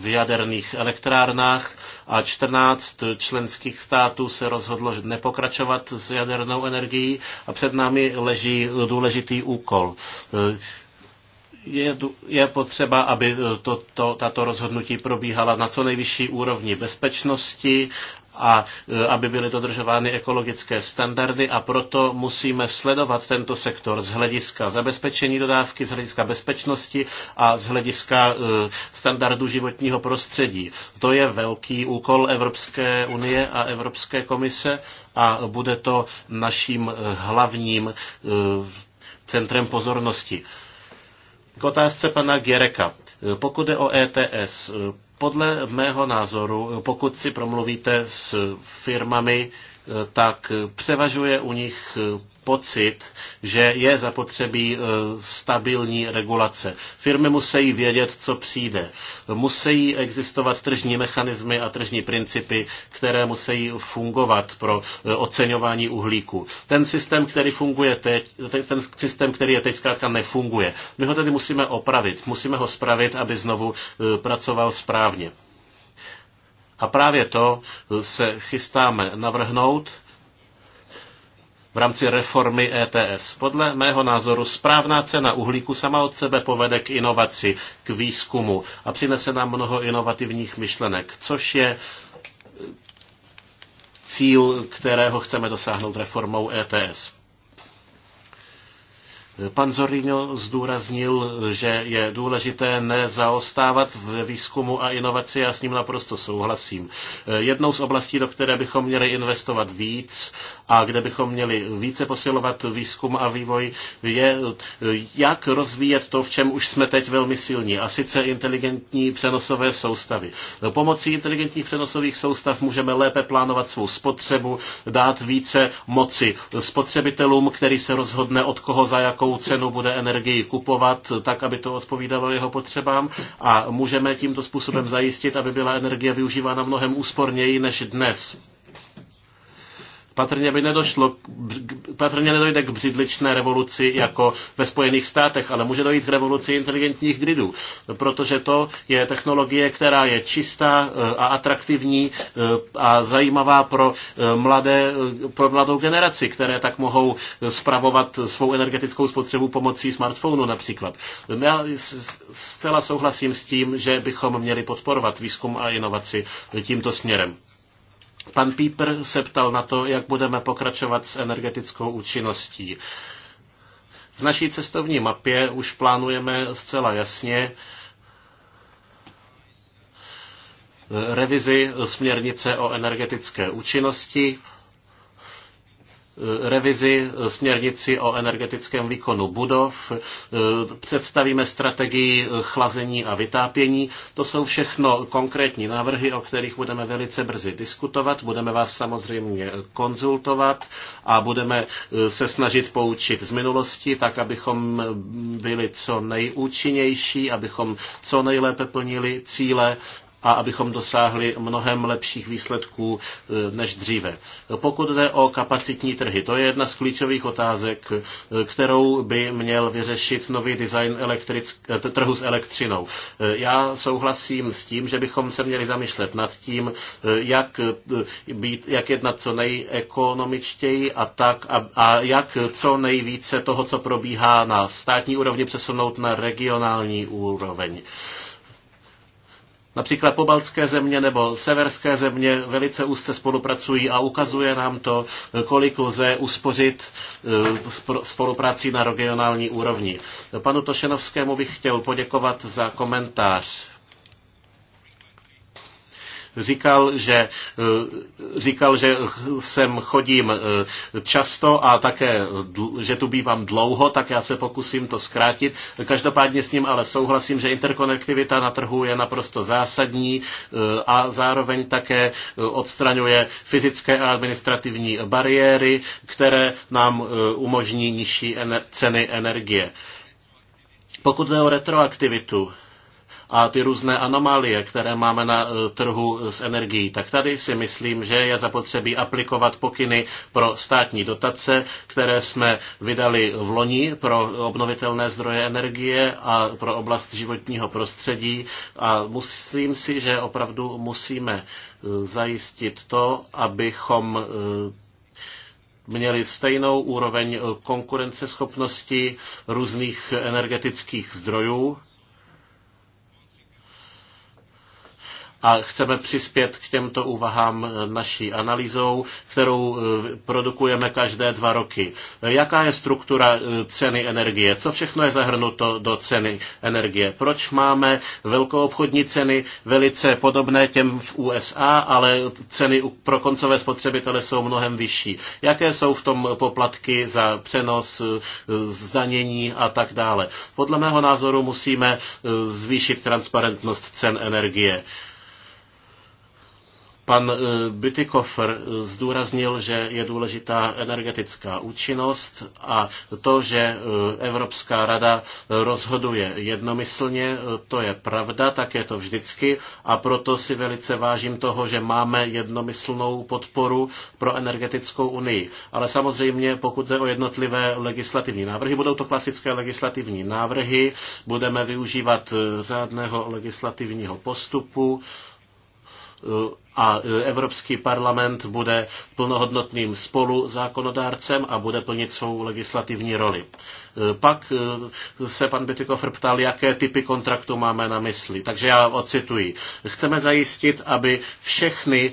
v jaderných elektrárnách a 14 členských států se rozhodlo nepokračovat s jadernou energií a před námi leží důležitý úkol je, je potřeba, aby to, to, tato rozhodnutí probíhala na co nejvyšší úrovni bezpečnosti a e, aby byly dodržovány ekologické standardy a proto musíme sledovat tento sektor z hlediska zabezpečení dodávky, z hlediska bezpečnosti a z hlediska e, standardu životního prostředí. To je velký úkol Evropské unie a Evropské komise a bude to naším e, hlavním centrem pozornosti. K otázce pana Gereka. Pokud je o ETS, podle mého názoru, pokud si promluvíte s firmami, tak převažuje u nich pocit, že je zapotřebí eh, stabilní regulace. Firmy musí vědět, co přijde. Musí existovat tržní mechanismy a tržní principy, které musí fungovat pro eh, oceňování uhlíku. Ten systém, který funguje teď, ten systém, který je teď zkrátka nefunguje. My ho tedy musíme opravit. Musíme ho spravit, aby znovu eh, pracoval správně. A právě to se chystáme navrhnout v rámci reformy ETS. Podle mého názoru správná cena uhlíku sama od sebe povede k inovaci, k výzkumu a přinese nám mnoho inovativních myšlenek, což je cíl, kterého chceme dosáhnout reformou ETS. Pan Zorino zdůraznil, že je důležité nezaostávat v výzkumu a inovaci, já s ním naprosto souhlasím. Jednou z oblastí, do které bychom měli investovat víc a kde bychom měli více posilovat výzkum a vývoj, je jak rozvíjet to, v čem už jsme teď velmi silní, a sice inteligentní přenosové soustavy. Pomocí inteligentních přenosových soustav můžeme lépe plánovat svou spotřebu, dát více moci spotřebitelům, který se rozhodne, od koho za jakou jakou cenu bude energii kupovat, tak, aby to odpovídalo jeho potřebám a můžeme tímto způsobem zajistit, aby byla energie využívána mnohem úsporněji než dnes. Patrně by nedošlo, patrně nedojde k břidličné revoluci jako ve Spojených státech, ale může dojít k revoluci inteligentních gridů, protože to je technologie, která je čistá eh, a atraktivní eh, a zajímavá pro, eh, mladé, pro mladou generaci, které tak mohou spravovat svou energetickou spotřebu pomocí smartphonu například. Já zcela souhlasím s tím, že bychom měli podporovat výzkum a inovaci tímto směrem. Pan Píper se ptal na to, jak budeme pokračovat s energetickou účinností. V naší cestovní mapě už plánujeme zcela jasně revizi směrnice o energetické účinnosti, Eh, revizi eh, směrnici o energetickém výkonu budov, eh, představíme strategii chlazení a vytápění. To jsou všechno konkrétní návrhy, o kterých budeme velice brzy diskutovat. Budeme vás samozřejmě konzultovat a budeme se snažit poučit z minulosti, tak abychom byli co nejúčinnější, abychom co nejlépe plnili cíle a abychom dosáhli mnohem lepších výsledků eh, než dříve. Pokud jde o kapacitní trhy, to je jedna z klíčových otázek, eh, kterou by měl vyřešit nový design eh, trhu s elektřinou. Já souhlasím s tím, že bychom se měli zamýšlet nad tím, jak, být, jak jednat co nejekonomičtěji a, tak, a, a jak co nejvíce toho, co probíhá na státní úrovni, přesunout na regionální úroveň. Například pobaltské země nebo severské země velice úzce spolupracují a ukazuje nám to, kolik lze uspořit eh, spoluprací na regionální úrovni. Panu Tošenovskému bych chtěl poděkovat za komentář Říkal, že, eh, říkal, že sem chodím eh, často a také, že tu bývám dlouho, tak já se pokusím to zkrátit. Každopádně s ním ale souhlasím, že interkonektivita na trhu je naprosto zásadní eh, a zároveň také odstraňuje fyzické a administrativní bariéry, které nám umožní nižší ceny energie. Pokud jde o retroaktivitu, a ty různé anomálie, které máme na eh, trhu s energií, tak tady si myslím, že je zapotřebí aplikovat pokyny pro státní dotace, které jsme vydali v loni pro obnovitelné zdroje energie a pro oblast životního prostředí. A myslím si, že opravdu musíme eh, zajistit to, abychom eh, měli stejnou úroveň konkurenceschopnosti různých energetických zdrojů a chceme přispět k těmto úvahám eh, naší analýzou, kterou eh, produkujeme každé dva roky. Jaká je struktura eh, ceny energie? Co všechno je zahrnuto do ceny energie? Proč máme velkou obchodní ceny velice podobné těm v USA, ale ceny pro koncové spotřebitele jsou mnohem vyšší? Jaké jsou v tom poplatky za přenos, zdanění a tak dále? Podle mého názoru musíme zvýšit transparentnost cen energie. Pan eh, Bytykofer eh, zdůraznil, že je důležitá energetická účinnost a to, že eh, Evropská rada rozhoduje jednomyslně, to je pravda, tak je to vždycky a proto si velice vážím toho, že máme jednomyslnou podporu pro energetickou unii. Ale samozřejmě, pokud jde o jednotlivé legislativní návrhy, budou to klasické legislativní návrhy, budeme využívat řádného legislativního postupu, a e, Evropský parlament bude plnohodnotným spolu zákonodárcem a bude plnit svou legislativní roli. E, pak e, se pan Bytykofr ptal, jaké typy kontraktu máme na mysli. Takže já ocituji. Chceme zajistit, aby všechny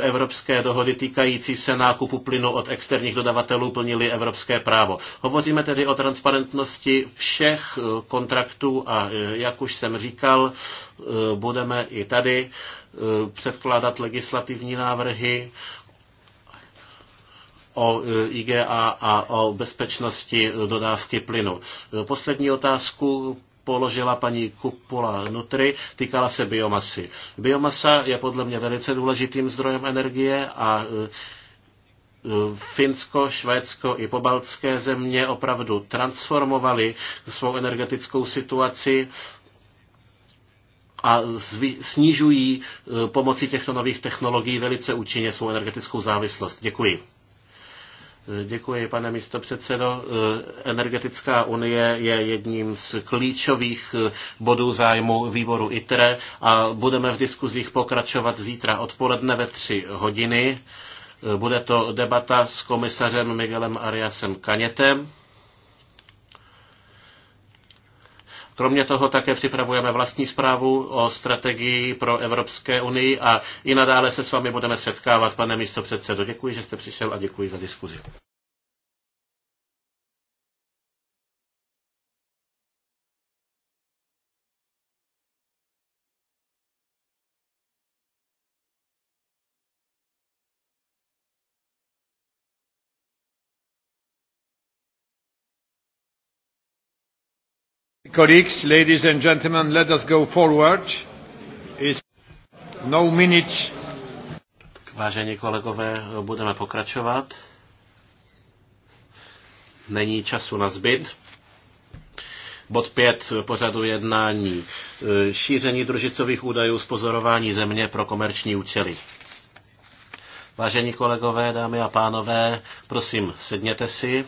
evropské dohody týkající se nákupu plynu od externích dodavatelů plnily evropské právo. Hovoříme tedy o transparentnosti všech kontraktů a jak už jsem říkal, budeme i tady předkládat legislativní návrhy o e, IGA a o bezpečnosti dodávky plynu. E, poslední otázku položila paní Kupola Nutri, týkala se biomasy. Biomasa je podle mě velice důležitým zdrojem energie a e, Finsko, Švédsko i pobaltské země opravdu transformovali svou energetickou situaci a snižují e, pomocí těchto nových technologií velice účinně svou energetickou závislost. Děkuji. E, děkuji, pane místopředsedo. E, energetická unie je jedním z klíčových bodů zájmu výboru ITRE a budeme v diskuzích pokračovat zítra odpoledne ve tři hodiny. Bude to debata s komisařem Miguelem Ariasem Kanětem. Kromě toho také připravujeme vlastní zprávu o strategii pro Evropské unii a i nadále se s vámi budeme setkávat, pane místo předsedo. Děkuji, že jste přišel a děkuji za diskuzi. Colleagues, ladies and gentlemen, let us go forward. no minute. Vážení kolegové, budeme pokračovat. Není času na zbyt. Bod 5 pořadu jednání. Šíření družicových údajů z pozorování země pro komerční účely. Vážení kolegové, dámy a pánové, prosím, sedněte si.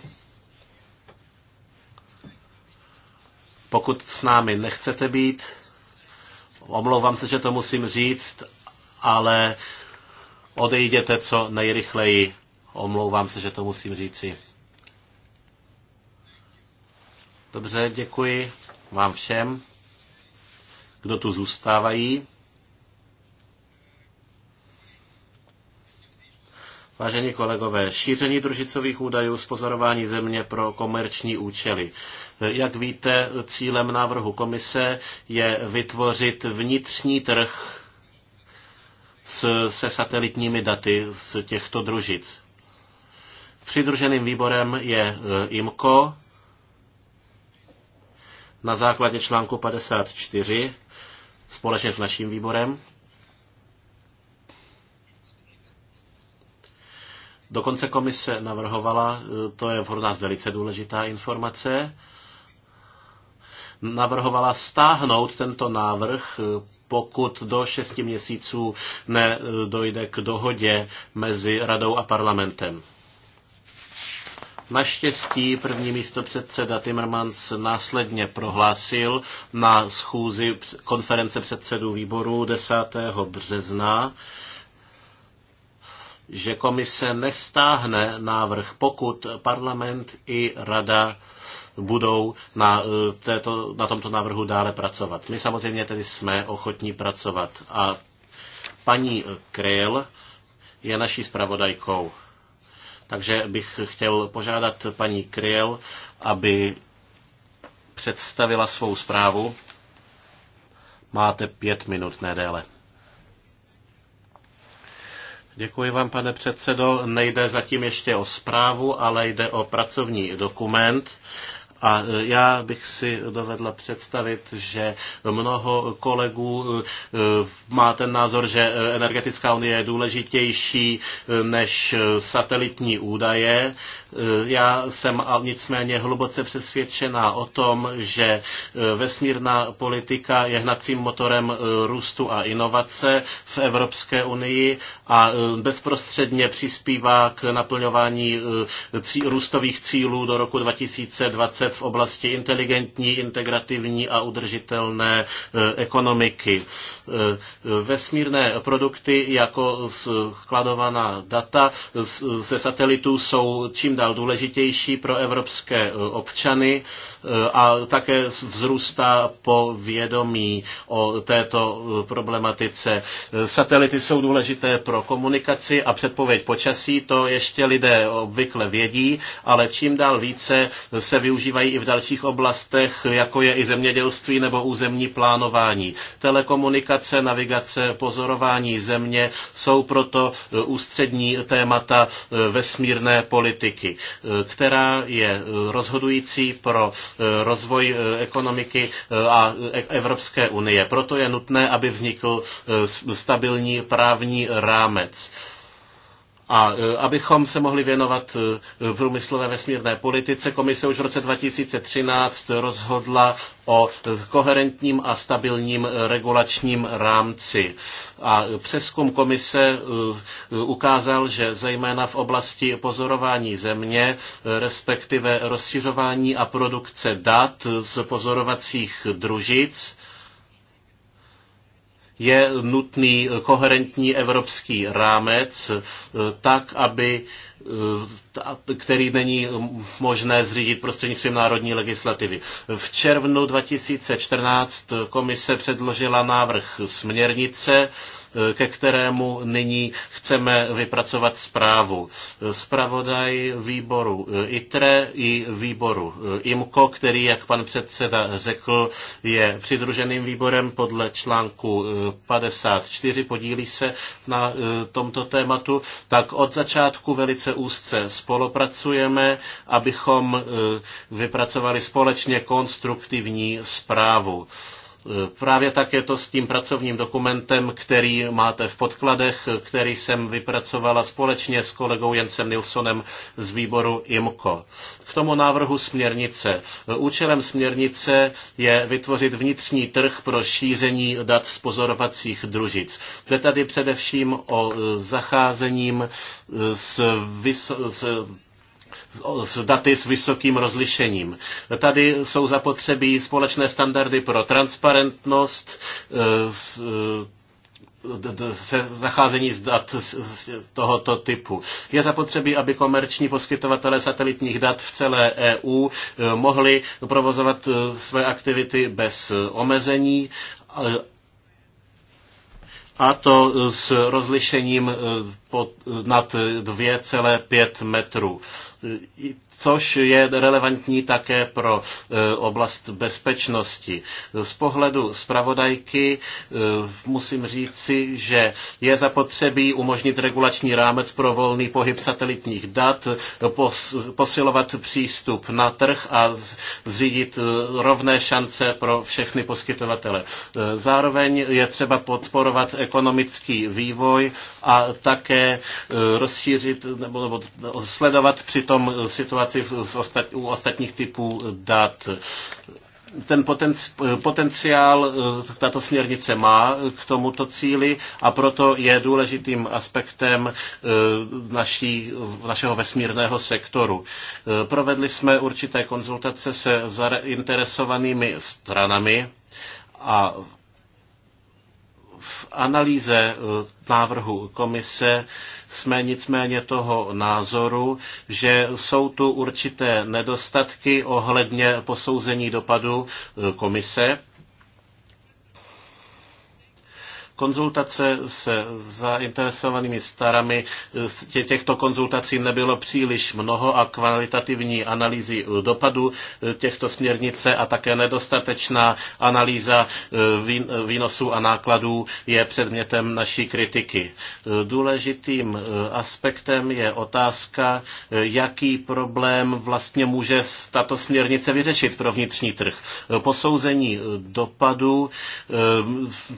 Pokud s námi nechcete být, omlouvám se, že to musím říct, ale odejděte co nejrychleji. Omlouvám se, že to musím říci. Dobře, děkuji vám všem, kdo tu zůstávají. Vážení kolegové, šíření družicových údajů z pozorování země pro komerční účely. Jak víte, cílem návrhu komise je vytvořit vnitřní trh se satelitními daty z těchto družic. Přidruženým výborem je eh, IMCO na základě článku 54 společně s naším výborem. Dokonce komise navrhovala, e, to je pro nás velice důležitá informace, navrhovala stáhnout tento návrh, e, pokud do 6 měsíců nedojde e, k dohodě mezi radou a parlamentem. Naštěstí první místo předseda Timmermans následně prohlásil na schůzi konference předsedů výboru 10. března, že komise nestáhne návrh, pokud parlament i rada budou na, e, této, na tomto návrhu dále pracovat. My samozřejmě tedy jsme ochotní pracovat. A paní Kryl je naší zpravodajkou. Takže bych chtěl požádat paní Kryl, aby představila svou zprávu. Máte pět minut, ne déle. Děkuji vám, pane předsedo. Nejde zatím ještě o zprávu, ale jde o pracovní dokument. A e, já bych si dovedla představit, že mnoho kolegů e, má ten názor, že energetická unie je důležitější e, než satelitní údaje. Já jsem nicméně hluboce přesvědčená o tom, že vesmírná politika je hnacím motorem růstu a inovace v Evropské unii a bezprostředně přispívá k naplňování růstových cílů do roku 2020 v oblasti inteligentní, integrativní a udržitelné e, ekonomiky. E, e, vesmírné produkty jako skladovaná data ze satelitů jsou čím dál důležitější pro evropské občany a také vzrůstá po vědomí o této problematice. Satelity jsou důležité pro komunikaci a předpověď počasí, to ještě lidé obvykle vědí, ale čím dál více se využívají mají i v dalších oblastech, jako je i zemědělství nebo územní plánování. Telekomunikace, navigace, pozorování země jsou proto e, ústřední témata e, vesmírné politiky, e, která je rozhodující pro rozvoj ekonomiky a Evropské unie. Proto je nutné, aby vznikl stabilní právní rámec. A eh, abychom se mohli věnovat eh, průmyslové vesmírné politice, komise už v roce 2013 rozhodla o eh, koherentním a stabilním regulačním rámci. A přeskum komise ukázal, že zejména v oblasti pozorování země, respektive rozšiřování a produkce dat z pozorovacích družic, je nutný koherentní evropský rámec, eh, tak, aby eh, který není možné zřídit prostřednictvím národní legislativy. V červnu 2014 komise předložila návrh směrnice, Eh, ke kterému nyní chceme vypracovat zprávu. Zpravodaj výboru eh, ITRE i výboru eh, IMCO, který, jak pan předseda řekl, je přidruženým výborem podle článku 54, podílí se na tomto tématu, tak od začátku velice úzce spolupracujeme, abychom vypracovali společně konstruktivní zprávu. Právě tak je to s tím pracovním dokumentem, který máte v podkladech, který jsem vypracovala společně s kolegou Jensem Nilsonem z výboru IMCO. K tomu návrhu směrnice. Účelem směrnice je vytvořit vnitřní trh pro šíření dat z pozorovacích družic. Jde tady především o e, zacházením e, s, vys- s s daty s vysokým rozlišením. Tady jsou zapotřebí společné standardy pro transparentnost, eh, eh, se zacházení z dat z tohoto typu. Je zapotřebí, aby komerční poskytovatelé satelitních dat v celé EU eh, mohli provozovat své aktivity bez omezení a to s rozlišením pod, nad 2,5 metrů. Eh, i což je relevantní také pro e, oblast bezpečnosti. Z pohledu zpravodajky e, musím říci, že je zapotřebí umožnit regulační rámec pro volný pohyb satelitních dat, posilovat přístup na trh a zřídit e, rovné šance pro všechny poskytovatele. Zároveň je třeba podporovat ekonomický vývoj a také rozšířit nebo, nebo sledovat přitom situaci situaci u ostatních typů dat ten potenciál eh, tato směrnice má k tomuto cíli a proto je důležitým aspektem eh, naší, našeho vesmírného sektoru. Eh, provedli jsme určité konzultace se zainteresovanými stranami a v analýze eh, návrhu komise jsme nicméně toho názoru, že jsou tu určité nedostatky ohledně posouzení dopadu eh, komise Konzultace se zainteresovanými starami, těchto konzultací nebylo příliš mnoho a kvalitativní analýzy dopadu e, těchto směrnice a také nedostatečná analýza e, e, výnosů a nákladů je předmětem naší kritiky. Důležitým aspektem je otázka, jaký problém vlastně může tato směrnice vyřešit pro vnitřní trh. Posouzení dopadu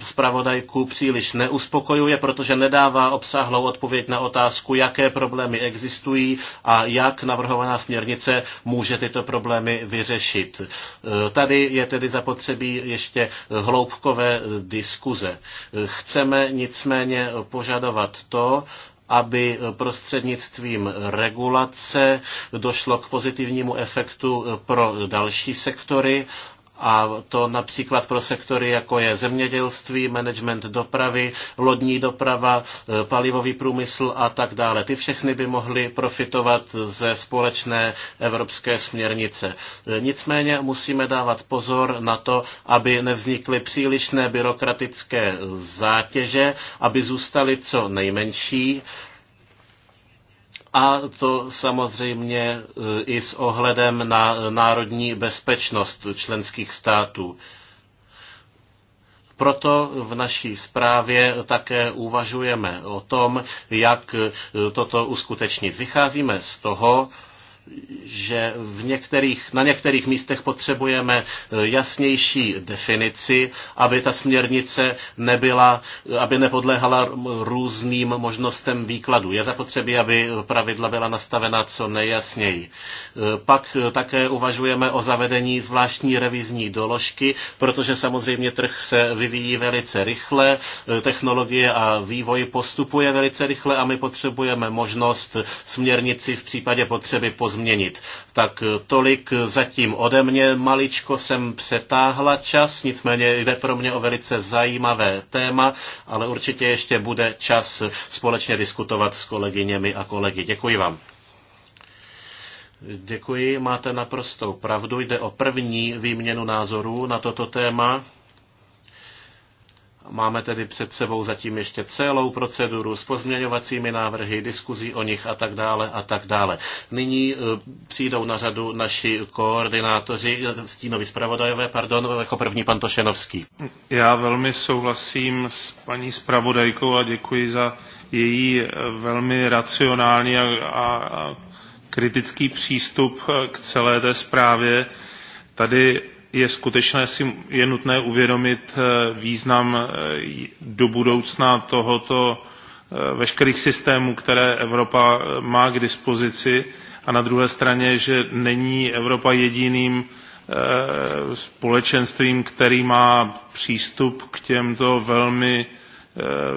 zpravodajku příliš neuspokojuje, protože nedává obsáhlou odpověď na otázku, jaké problémy existují a jak navrhovaná směrnice může tyto problémy vyřešit. E, tady je tedy zapotřebí ještě hloubkové e, diskuze. E, chceme nicméně požadovat to, aby prostřednictvím regulace došlo k pozitivnímu efektu pro další sektory a to například pro sektory, jako je zemědělství, management dopravy, lodní doprava, eh, palivový průmysl a tak dále. Ty všechny by mohly profitovat ze společné evropské směrnice. Eh, nicméně musíme dávat pozor na to, aby nevznikly přílišné byrokratické eh, zátěže, aby zůstaly co nejmenší a to samozřejmě e, i s ohledem na národní bezpečnost členských států. Proto v naší zprávě také uvažujeme o tom, jak e, toto uskutečnit. Vycházíme z toho, že v některých, na některých místech potřebujeme eh, jasnější definici, aby ta směrnice nebyla, aby nepodléhala různým možnostem výkladu. Je zapotřebí, aby pravidla byla nastavena co nejjasněji. Eh, pak eh, také uvažujeme o zavedení zvláštní revizní doložky, protože samozřejmě trh se vyvíjí velice rychle, technologie a vývoj postupuje velice rychle a my potřebujeme možnost směrnici v případě potřeby poz změnit. Tak eh, tolik zatím ode mě. Maličko jsem přetáhla čas, nicméně jde pro mě o velice zajímavé téma, ale určitě ještě bude čas společně diskutovat s kolegyněmi a kolegy. Děkuji vám. Děkuji, máte naprostou pravdu. Jde o první výměnu názorů na toto téma. Máme tedy před sebou zatím ještě celou proceduru s pozměňovacími návrhy, diskuzí o nich a tak dále a tak dále. Nyní e, přijdou na řadu naši koordinátoři, e, stínovi zpravodajové, pardon, e, jako první pan Tošenovský. Já velmi souhlasím s paní zpravodajkou a děkuji za její velmi racionální a, a, kritický přístup k celé té zprávě. Tady je skutečné si je nutné uvědomit eh, význam eh, do budoucna tohoto eh, veškerých systémů, které Evropa má k dispozici a na druhé straně, že není Evropa jediným společenstvím, který má přístup k těmto velmi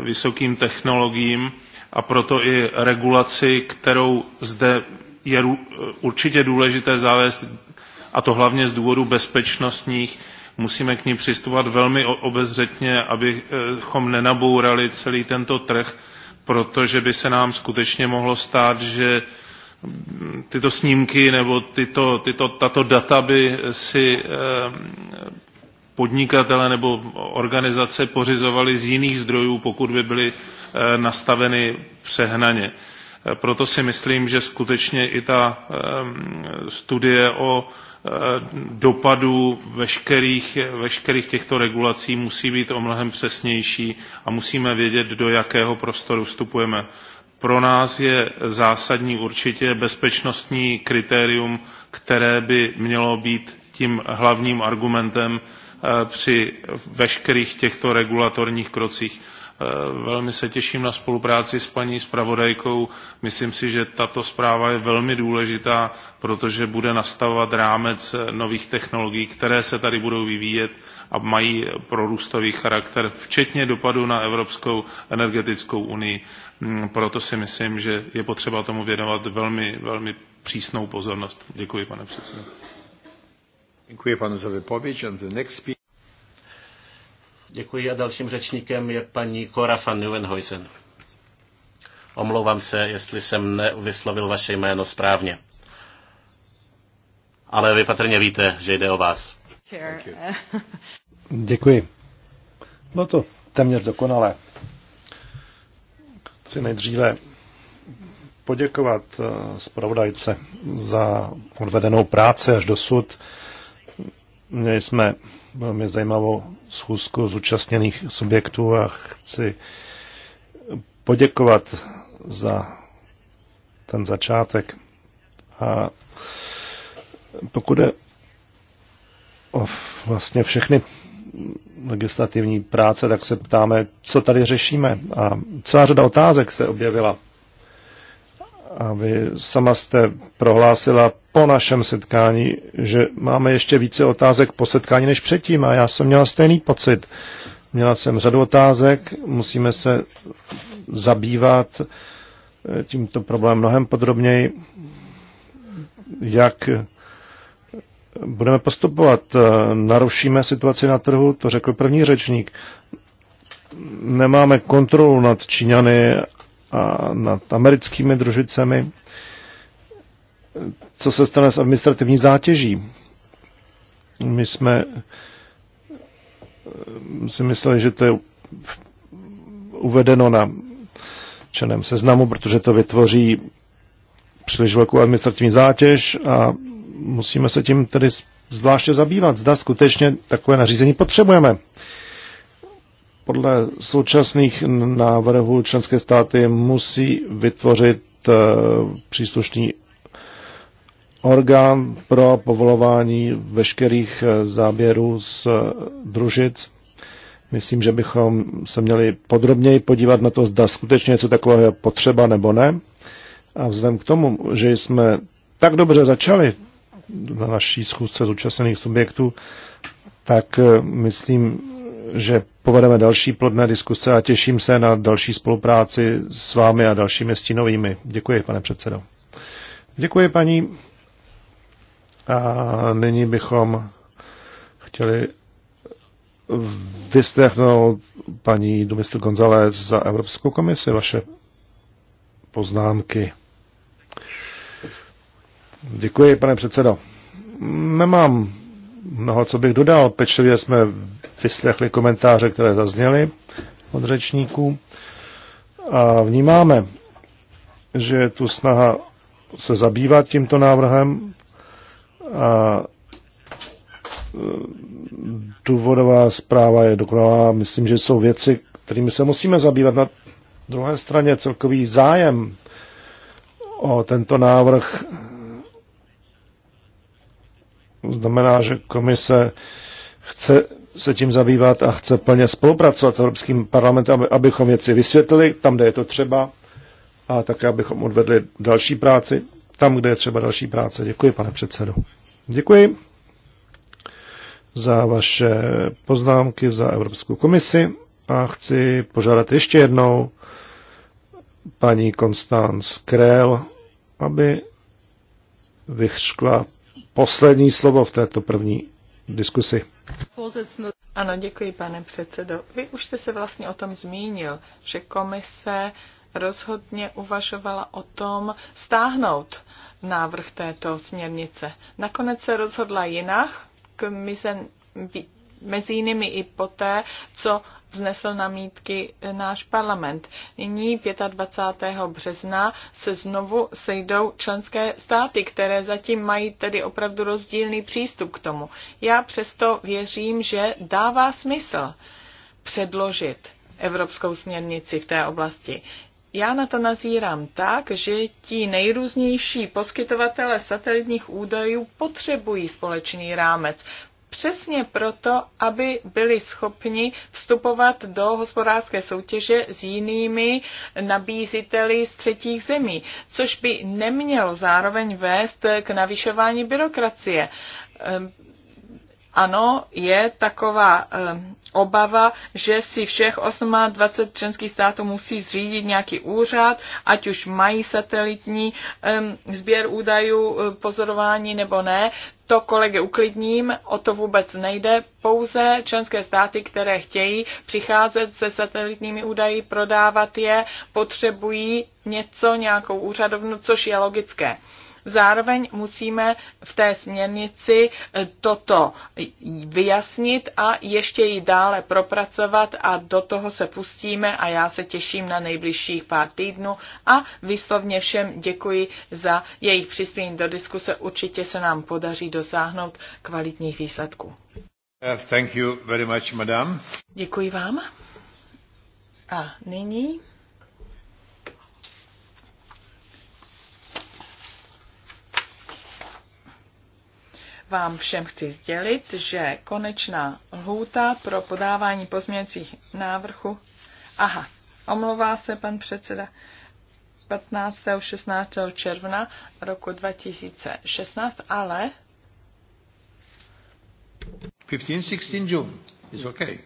vysokým technologiím a proto i regulaci, kterou zde je určitě důležité zavést a to hlavně z důvodu bezpečnostních, musíme k ní přistupovat velmi obezřetně, abychom nenabourali celý tento trh, protože by se nám skutečně mohlo stát, že tyto snímky nebo tyto, tyto, tato data by si eh, podnikatele nebo organizace pořizovaly z jiných zdrojů, pokud by byly eh, nastaveny přehnaně. Eh, proto si myslím, že skutečně i ta studie o Eh, dopadů veškerých, veškerých těchto regulací musí být o mnohem přesnější a musíme vědět, do jakého prostoru vstupujeme. Pro nás je zásadní určitě bezpečnostní kritérium, které by mělo být tím hlavním argumentem eh, při veškerých těchto regulatorních krocích Eh, velmi se těším na spolupráci s paní zpravodajkou. Myslím si, že tato zpráva je velmi důležitá, protože bude nastavovat rámec nových technologií, které se tady budou vyvíjet a mají prorůstový charakter, včetně dopadu na Evropskou energetickou unii. Mm, proto si myslím, že je potřeba tomu věnovat velmi, velmi přísnou pozornost. Děkuji, pane předsedo. Děkuji panu za vypověď. Děkuji a dalším řečníkem je paní Cora van Neuwenhuizen. Omlouvám se, jestli jsem nevyslovil vaše jméno správně. Ale vy patrně víte, že jde o vás. Děkuji. No to téměř dokonalé. Chci nejdříve poděkovat eh, zpravodajce za odvedenou práci až dosud. Měli jsme velmi zajímavou schůzku zúčastněných subjektů a chci poděkovat za ten začátek. A pokud je o vlastně všechny legislativní práce, tak se ptáme, co tady řešíme. A celá řada otázek se objevila. A vy sama jste prohlásila po našem setkání, že máme ještě více otázek po setkání než předtím a já jsem měla stejný pocit. Měla jsem řadu otázek, musíme se zabývat eh, tímto problémem mnohem podrobněji, jak budeme postupovat. Eh, narušíme situaci na trhu, to řekl první řečník. Nemáme kontrolu nad Číňany a nad americkými družicemi, co se stane s administrativní zátěží. My jsme eh, si mysleli, že to je uvedeno na černém seznamu, protože to vytvoří příliš velkou administrativní zátěž a musíme se tím tedy zvláště zabývat. Zda skutečně takové nařízení potřebujeme. Podle současných návrhů členské státy musí vytvořit eh, příslušný orgán pro povolování veškerých eh, záběrů z eh, družic. Myslím, že bychom se měli podrobněji podívat na to, zda skutečně něco takového je potřeba nebo ne. A vzhledem k tomu, že jsme tak dobře začali na naší schůzce zúčastněných subjektů, tak myslím, že povedeme další plodné diskuse a těším se na další spolupráci s vámi a dalšími stínovými. Děkuji, pane předsedo. Děkuji, paní. A nyní bychom chtěli vystechnout paní Domistr González za Evropskou komisi vaše poznámky. Děkuji, pane předsedo. Nemám mnoho, co bych dodal. Pečlivě jsme vyslechli komentáře, které zazněly od řečníků a vnímáme, že je tu snaha se zabývat tímto návrhem a e, důvodová zpráva je dokonalá. Myslím, že jsou věci, kterými se musíme zabývat. Na druhé straně celkový zájem o tento návrh znamená, že komise chce se tím zabývat a chce plně spolupracovat s Evropským parlamentem, aby, abychom věci vysvětlili tam, kde je to třeba a také abychom odvedli další práci tam, kde je třeba další práce. Děkuji, pane předsedo. Děkuji za vaše poznámky za Evropskou komisi a chci požádat ještě jednou paní Konstanz Krell, aby vyškla poslední slovo v této první diskusi. Ano, děkuji, pane předsedo. Vy už jste se vlastně o tom zmínil, že komise rozhodně uvažovala o tom stáhnout návrh této směrnice. Nakonec se rozhodla jinak, komise mezi jinými i poté, co vznesl namítky náš parlament. Nyní 25. března se znovu sejdou členské státy, které zatím mají tedy opravdu rozdílný přístup k tomu. Já přesto věřím, že dává smysl předložit evropskou směrnici v té oblasti. Já na to nazírám tak, že ti nejrůznější poskytovatele satelitních údajů potřebují společný rámec, přesně proto, aby byli schopni vstupovat do hospodářské soutěže s jinými nabíziteli z třetích zemí, což by nemělo zároveň vést k navyšování byrokracie. Ehm, ano, je taková ehm, obava, že si všech 28 členských států musí zřídit nějaký úřad, ať už mají satelitní ehm, sběr údajů, eh, pozorování nebo ne, to kolegy uklidním, o to vůbec nejde. Pouze členské státy, které chtějí přicházet se satelitními údaji, prodávat je, potřebují něco, nějakou úřadovnu, což je logické. Zároveň musíme v té směrnici e, toto vyjasnit a ještě ji dále propracovat a do toho se pustíme a já se těším na nejbližších pár týdnů a vyslovně všem děkuji za jejich přispění do diskuse. Určitě se nám podaří dosáhnout kvalitních výsledků. Uh, thank you very much, madam. Děkuji vám. A nyní vám všem chci sdělit, že konečná lhůta pro podávání pozměňujících návrhů. Aha, omlouvá se pan předseda. 15. 16. června roku 2016, ale 15, 16 June. It's okay.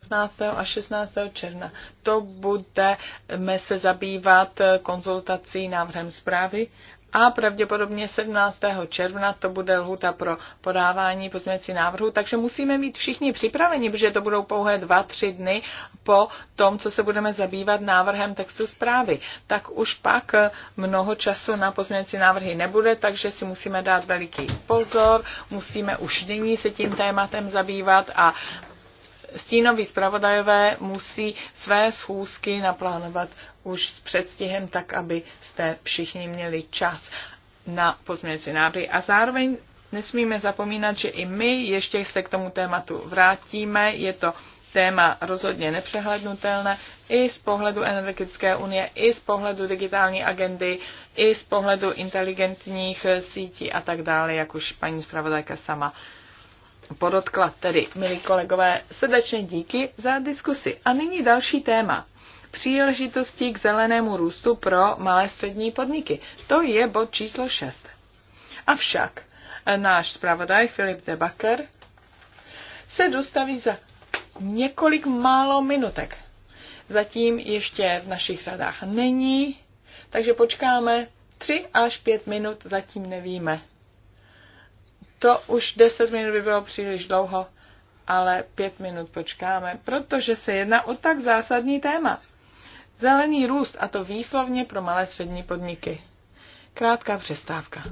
15. a 16. června. To budeme se zabývat konzultací návrhem zprávy a pravděpodobně 17. června to bude lhuta pro podávání pozměňovacích návrhu, takže musíme mít všichni připraveni, protože to budou pouhé dva, tři dny po tom, co se budeme zabývat návrhem textu zprávy. Tak už pak mnoho času na pozměňovací návrhy nebude, takže si musíme dát veliký pozor, musíme už nyní se tím tématem zabývat a stínoví zpravodajové musí své schůzky naplánovat už s předstihem, tak aby jste všichni měli čas na pozměňující návrhy. A zároveň nesmíme zapomínat, že i my ještě se k tomu tématu vrátíme. Je to téma rozhodně nepřehlednutelné i z pohledu energetické unie, i z pohledu digitální agendy, i z pohledu inteligentních sítí a tak dále, jak už paní zpravodajka sama uh, podotkla tedy, milí kolegové, srdečně díky za diskusi. A nyní další téma. Příležitosti k zelenému růstu pro malé střední podniky. To je bod číslo 6. Avšak náš zpravodaj Filip de Bakker se dostaví za několik málo minutek. Zatím ještě v našich řadách není, takže počkáme 3 až 5 minut, zatím nevíme. To už 10 minut by bylo příliš dlouho, ale 5 minut počkáme, protože se jedná o tak zásadní téma. Zelený růst, a to výslovně pro malé střední podniky. Krátká přestávka.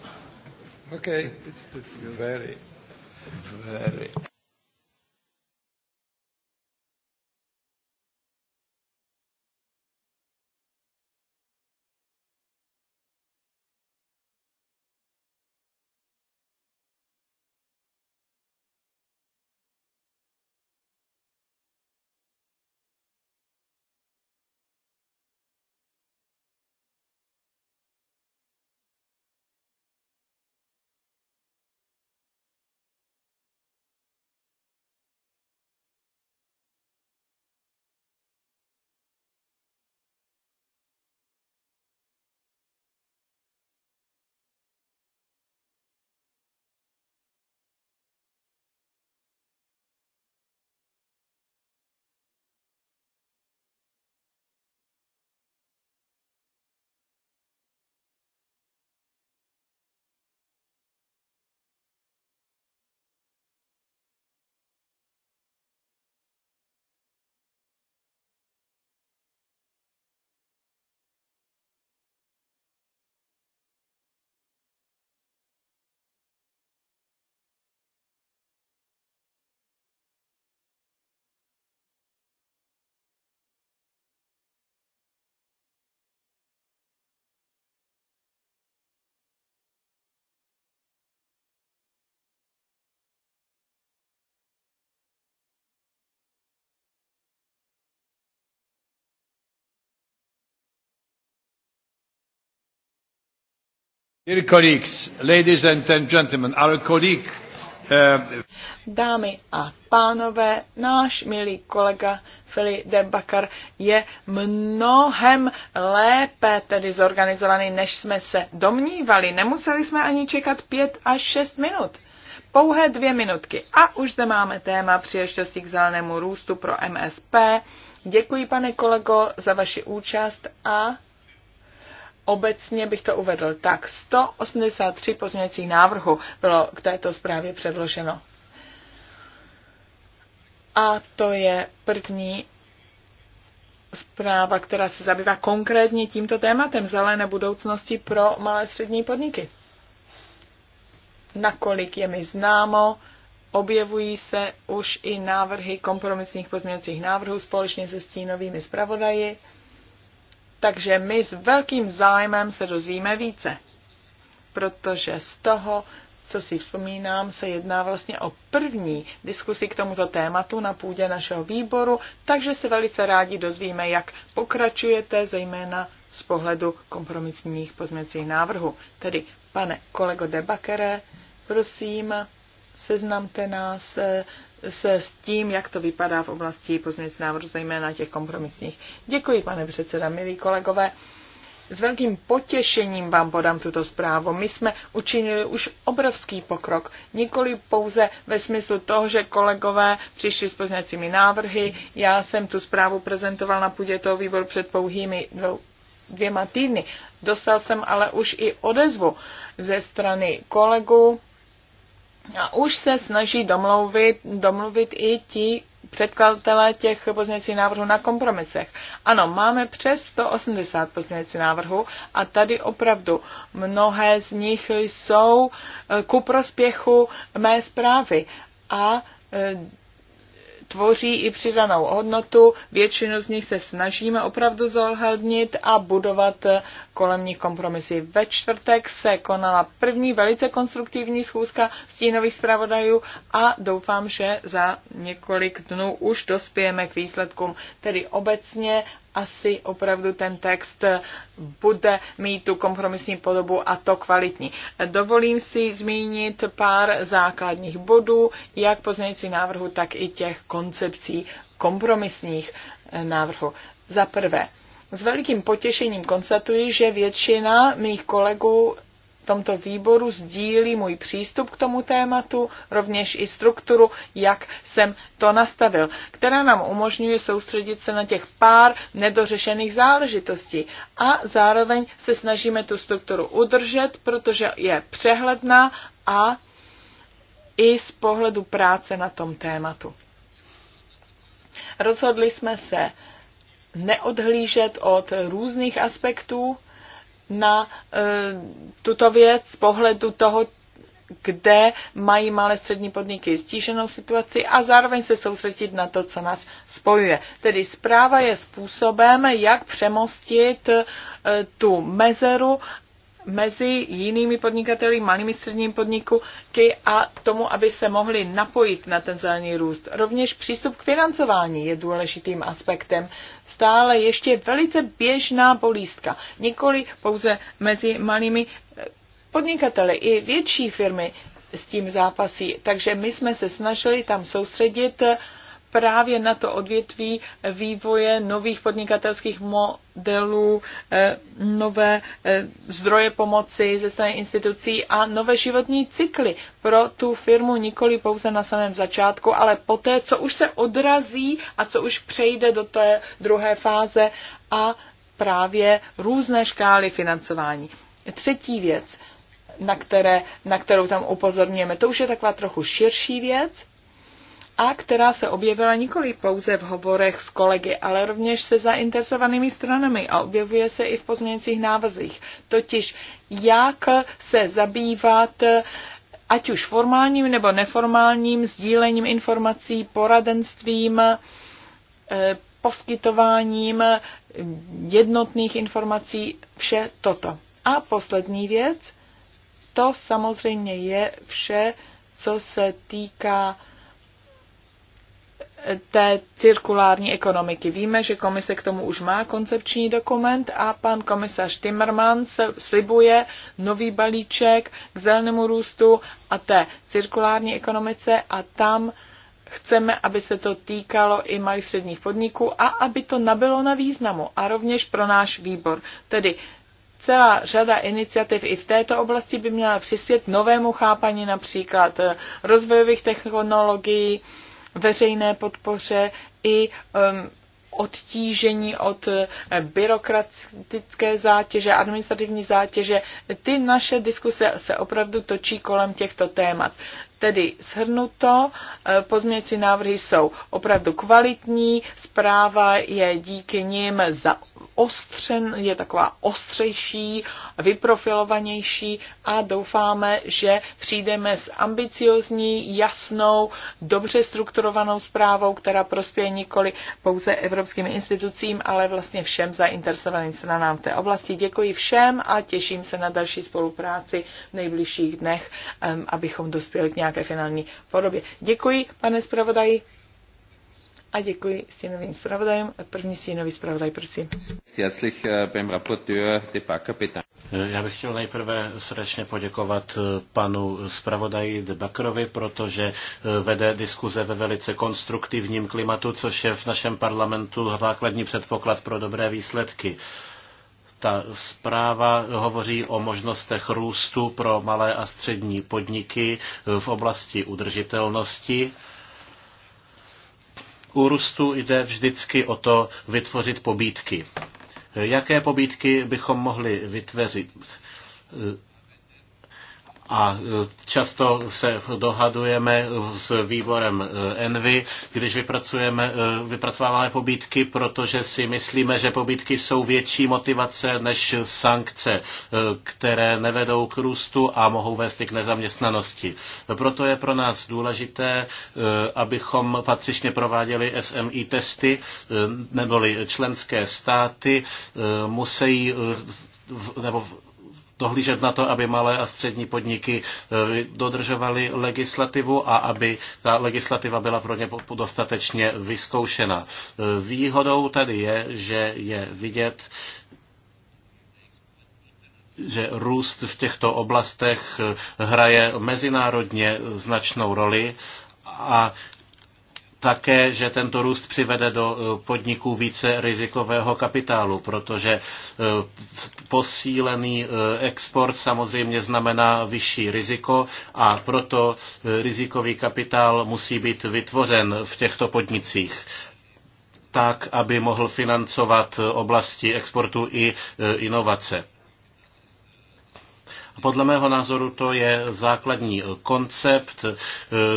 Okay, it's very, very. Uh, Dámy a pánové, náš milý kolega Fili Debakar je mnohem lépe tedy zorganizovaný, než jsme se domnívali. Nemuseli jsme ani čekat pět až šest minut. Pouhé dvě minutky. A už zde máme téma příležitosti k zelenému růstu pro MSP. Děkuji, pane kolego, za vaši účast a Obecně bych to uvedl tak. 183 pozměňovacích návrhů bylo k této zprávě předloženo. A to je první zpráva, která se zabývá konkrétně tímto tématem zelené budoucnosti pro malé střední podniky. Nakolik je mi známo, objevují se už i návrhy kompromisních pozměňovacích návrhů společně se stínovými zpravodaji. Takže my s velkým zájmem se dozvíme více, protože z toho, co si vzpomínám, se jedná vlastně o první diskusi k tomuto tématu na půdě našeho výboru, takže se velice rádi dozvíme, jak pokračujete, zejména z pohledu kompromisních pozměcích návrhů. Tedy, pane kolego Debakere, prosím, seznamte nás eh, se s tím, jak to vypadá v oblasti pozměnic návrhu, zejména těch kompromisních. Děkuji, pane předseda, milí kolegové. S velkým potěšením vám podám tuto zprávu. My jsme učinili už obrovský pokrok, nikoli pouze ve smyslu toho, že kolegové přišli s pozněcími návrhy. Já jsem tu zprávu prezentoval na půdě toho výboru před pouhými dvou, dvěma týdny. Dostal jsem ale už i odezvu ze strany kolegů a už se snaží domluvit, domluvit i ti předkladatelé těch pozměňovacích návrhů na kompromisech. Ano, máme přes 180 pozměňovacích návrhů a tady opravdu mnohé z nich jsou eh, ku prospěchu mé zprávy. A eh, tvoří i přidanou hodnotu. Většinu z nich se snažíme opravdu zohlednit a budovat kolem nich kompromisy. Ve čtvrtek se konala první velice konstruktivní schůzka stínových zpravodajů a doufám, že za několik dnů už dospějeme k výsledkům. Tedy obecně asi opravdu ten text bude mít tu kompromisní podobu a to kvalitní. Dovolím si zmínit pár základních bodů, jak pozměňující návrhu, tak i těch koncepcí kompromisních eh, návrhů. Za prvé, s velikým potěšením konstatuji, že většina mých kolegů tomto výboru sdílí můj přístup k tomu tématu, rovněž i strukturu, jak jsem to nastavil, která nám umožňuje soustředit se na těch pár nedořešených záležitostí. A zároveň se snažíme tu strukturu udržet, protože je přehledná a i z pohledu práce na tom tématu. Rozhodli jsme se neodhlížet od různých aspektů na e, tuto věc z pohledu toho, kde mají malé střední podniky stíženou situaci a zároveň se soustředit na to, co nás spojuje. Tedy zpráva je způsobem, jak přemostit e, tu mezeru mezi jinými podnikateli, malými středními podniky a tomu, aby se mohli napojit na ten zelený růst. Rovněž přístup k financování je důležitým aspektem. Stále ještě velice běžná bolístka, nikoli pouze mezi malými eh, podnikateli. I větší firmy s tím zápasí, takže my jsme se snažili tam soustředit uh, právě na to odvětví vývoje nových podnikatelských modelů, eh, nové eh, zdroje pomoci ze strany institucí a nové životní cykly pro tu firmu nikoli pouze na samém začátku, ale poté, co už se odrazí a co už přejde do té druhé fáze a právě různé škály financování. Třetí věc, na, které, na kterou tam upozorňujeme, to už je taková trochu širší věc, a která se objevila nikoli pouze v hovorech s kolegy, ale rovněž se zainteresovanými stranami a objevuje se i v pozměňujících návazích. Totiž jak se zabývat ať už formálním nebo neformálním sdílením informací, poradenstvím, eh, poskytováním jednotných informací, vše toto. A poslední věc, to samozřejmě je vše, co se týká té cirkulární ekonomiky. Víme, že komise k tomu už má koncepční dokument a pan komisař Timmermans slibuje nový balíček k zelenému růstu a té cirkulární ekonomice a tam chceme, aby se to týkalo i malých středních podniků a aby to nabylo na významu a rovněž pro náš výbor. Tedy celá řada iniciativ i v této oblasti by měla přispět novému chápaní například rozvojových technologií, veřejné podpoře i um, odtížení od eh, byrokratické zátěže, administrativní zátěže. Ty naše diskuse se opravdu točí kolem těchto témat. Tedy shrnuto, e, pozměňující návrhy jsou opravdu kvalitní, zpráva je díky nim zaostřen, je taková ostřejší, vyprofilovanější a doufáme, že přijdeme s ambiciozní, jasnou, dobře strukturovanou zprávou, která prospěje nikoli pouze evropským institucím, ale vlastně všem zainteresovaným stranám v té oblasti. Děkuji všem a těším se na další spolupráci v nejbližších dnech, abychom dospěli k nějakému nějaké finální podobě. Děkuji, pane zpravodaji. A děkuji stínovým zpravodajem. První stínový zpravodaj, prosím. Eh, Já bych chtěl nejprve srdečně poděkovat eh, panu zpravodaji Debakrovi, protože eh, vede diskuze ve velice konstruktivním klimatu, což je v našem parlamentu základní předpoklad pro dobré výsledky. Ta zpráva hovoří o možnostech růstu pro malé a střední podniky v oblasti udržitelnosti. U růstu jde vždycky o to vytvořit pobídky. Jaké pobídky bychom mohli vytvořit? A e, často se dohadujeme s výborem e, Envy, když vypracujeme, e, vypracováváme pobídky, protože si myslíme, že pobídky jsou větší motivace než sankce, které nevedou k růstu a mohou vést i k nezaměstnanosti. Proto je pro nás důležité, abychom patřičně prováděli SMI testy, neboli členské státy musí nebo dohlížet na to, aby malé a střední podniky e, dodržovaly legislativu a aby ta legislativa byla pro ně dostatečně vyzkoušena. E, výhodou tady je, že je vidět, že růst v těchto oblastech e, hraje mezinárodně značnou roli a také, že tento růst přivede do eh, podniků více rizikového kapitálu, protože eh, posílený eh, export samozřejmě znamená vyšší riziko a proto rizikový kapitál musí být vytvořen v těchto podnicích tak, aby mohl financovat oblasti exportu i inovace. Podle mého názoru to je základní koncept.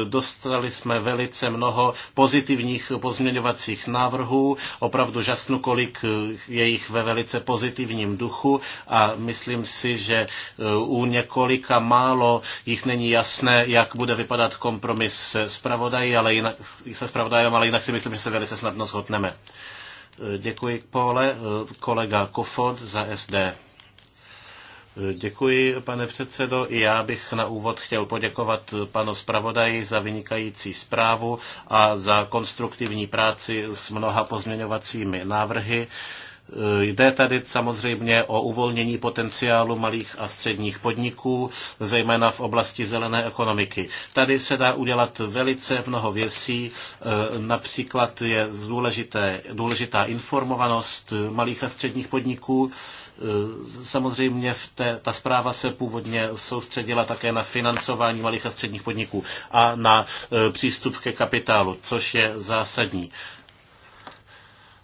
Dostali jsme velice mnoho pozitivních pozměňovacích návrhů. Opravdu žasnu, kolik je jich ve velice pozitivním duchu a myslím si, že u několika málo jich není jasné, jak bude vypadat kompromis se zpravodají, ale jinak, se spravodajem, ale jinak si myslím, že se velice snadno shodneme. Děkuji, Pole. Kolega Kofod za SD. Děkuji, pane předsedo. I já bych na úvod chtěl poděkovat panu zpravodaji za vynikající zprávu a za konstruktivní práci s mnoha pozměňovacími návrhy. Jde tady samozřejmě o uvolnění potenciálu malých a středních podniků, zejména v oblasti zelené ekonomiky. Tady se dá udělat velice mnoho věcí, například je důležité, důležitá informovanost malých a středních podniků, Eh, samozřejmě v té, ta zpráva se původně soustředila také na financování malých a středních podniků a na eh, přístup ke kapitálu, což je zásadní.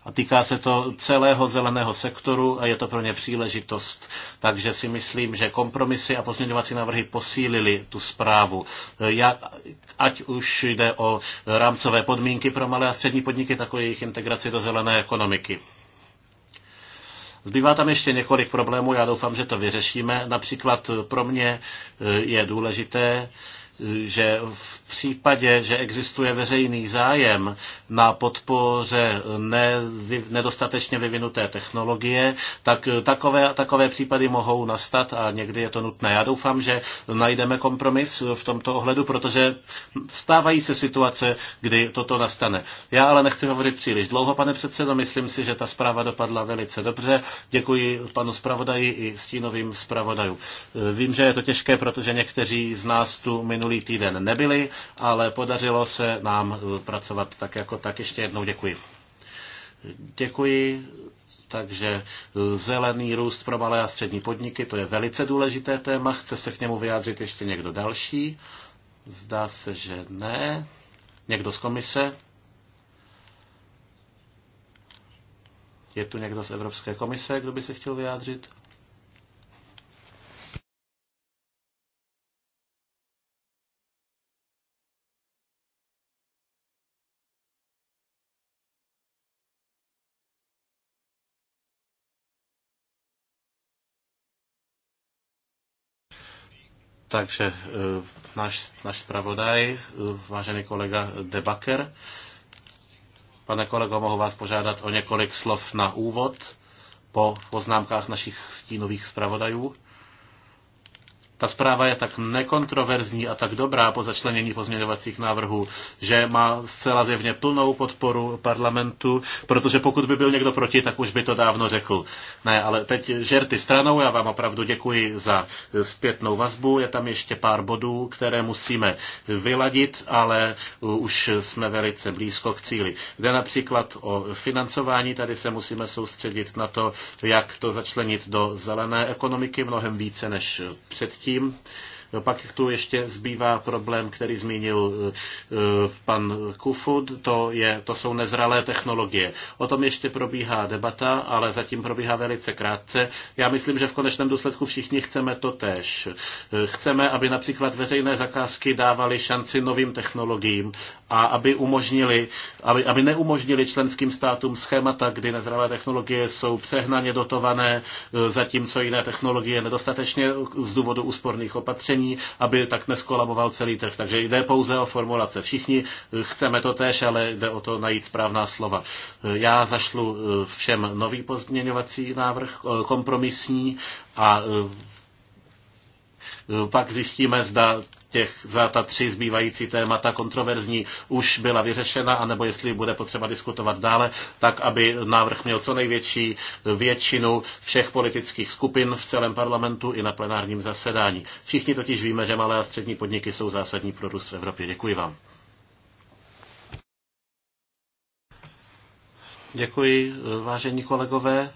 A týká se to celého zeleného sektoru a je to pro ně příležitost. Takže si myslím, že kompromisy a pozměňovací návrhy posílili tu zprávu. Eh, já, ať už jde o rámcové podmínky pro malé a střední podniky, tak o jejich integraci do zelené ekonomiky. Zbývá tam ještě několik problémů, já doufám, že to vyřešíme. Například pro mě eh, je důležité, že v případě, že existuje veřejný zájem na podpoře ne, nedostatečně vyvinuté technologie, tak takové, takové případy mohou nastat a někdy je to nutné. Já doufám, že najdeme kompromis v tomto ohledu, protože stávají se situace, kdy toto nastane. Já ale nechci hovořit příliš dlouho, pane předsedo, myslím si, že ta zpráva dopadla velice dobře. Děkuji panu zpravodaji i stínovým zpravodajům. Vím, že je to těžké, protože někteří z nás tu minulý minulý týden nebyli, ale podařilo se nám eh, pracovat tak jako tak. Ještě jednou děkuji. Děkuji. Takže eh, zelený růst pro malé a střední podniky, to je velice důležité téma. Chce se k němu vyjádřit ještě někdo další? Zdá se, že ne. Někdo z komise? Je tu někdo z Evropské komise, kdo by se chtěl vyjádřit? Takže e, náš, náš spravodaj, e, vážený kolega Debaker. Pane kolego, mohu vás požádat o několik slov na úvod po poznámkách našich stínových zpravodajů ta zpráva je tak nekontroverzní a tak dobrá po začlenění pozměňovacích návrhů, že má zcela zjevně plnou podporu parlamentu, protože pokud by byl někdo proti, tak už by to dávno řekl. Ne, ale teď žerty stranou, já vám opravdu děkuji za zpětnou vazbu, je tam ještě pár bodů, které musíme vyladit, ale už jsme velice blízko k cíli. Jde například o financování, tady se musíme soustředit na to, jak to začlenit do zelené ekonomiky mnohem více než předtím tím, No, pak tu ještě zbývá problém, který zmínil eh, pan Kufud, to, je, to jsou nezralé technologie. O tom ještě probíhá debata, ale zatím probíhá velice krátce. Já myslím, že v konečném důsledku všichni chceme to tež. Eh, chceme, aby například veřejné zakázky dávaly šanci novým technologiím a aby, umožnili, aby, aby neumožnili členským státům schémata, kdy nezralé technologie jsou přehnaně dotované, eh, zatímco jiné technologie nedostatečně z důvodu úsporných opatření nařízení, aby tak neskolaboval celý trh. Takže jde pouze o formulace. Všichni eh, chceme to též, ale jde o to najít správná slova. Eh, já zašlu eh, všem nový pozměňovací návrh, kompromisní a pak zjistíme, zda těch, za ta tři zbývající témata kontroverzní už byla vyřešena, anebo jestli bude potřeba diskutovat dále, tak aby návrh měl co největší většinu všech politických skupin v celém parlamentu i na plenárním zasedání. Všichni totiž víme, že malé a střední podniky jsou zásadní pro růst v Evropě. Děkuji vám. Děkuji, vážení kolegové.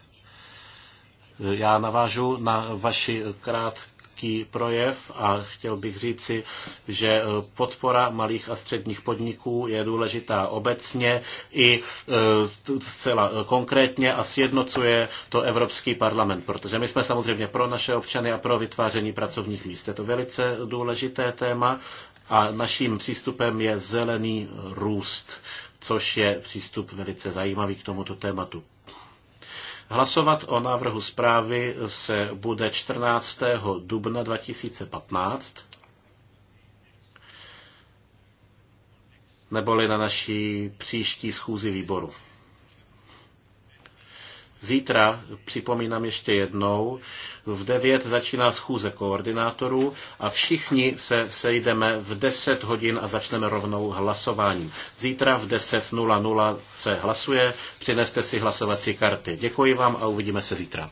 Já navážu na vaši krátkou krátký projev a chtěl bych říci, že eh, podpora malých a středních podniků je důležitá obecně i eh, zcela eh, konkrétně a sjednocuje to Evropský parlament, protože my jsme samozřejmě pro naše občany a pro vytváření pracovních míst. Je to velice důležité téma a naším přístupem je zelený růst, což je přístup velice zajímavý k tomuto tématu. Hlasovat o návrhu zprávy se bude 14. dubna 2015, neboli na naší příští schůzi výboru. Zítra, připomínám ještě jednou, v 9 začíná schůze koordinátorů a všichni se sejdeme v 10 hodin a začneme rovnou hlasováním. Zítra v 10.00 se hlasuje, přineste si hlasovací karty. Děkuji vám a uvidíme se zítra.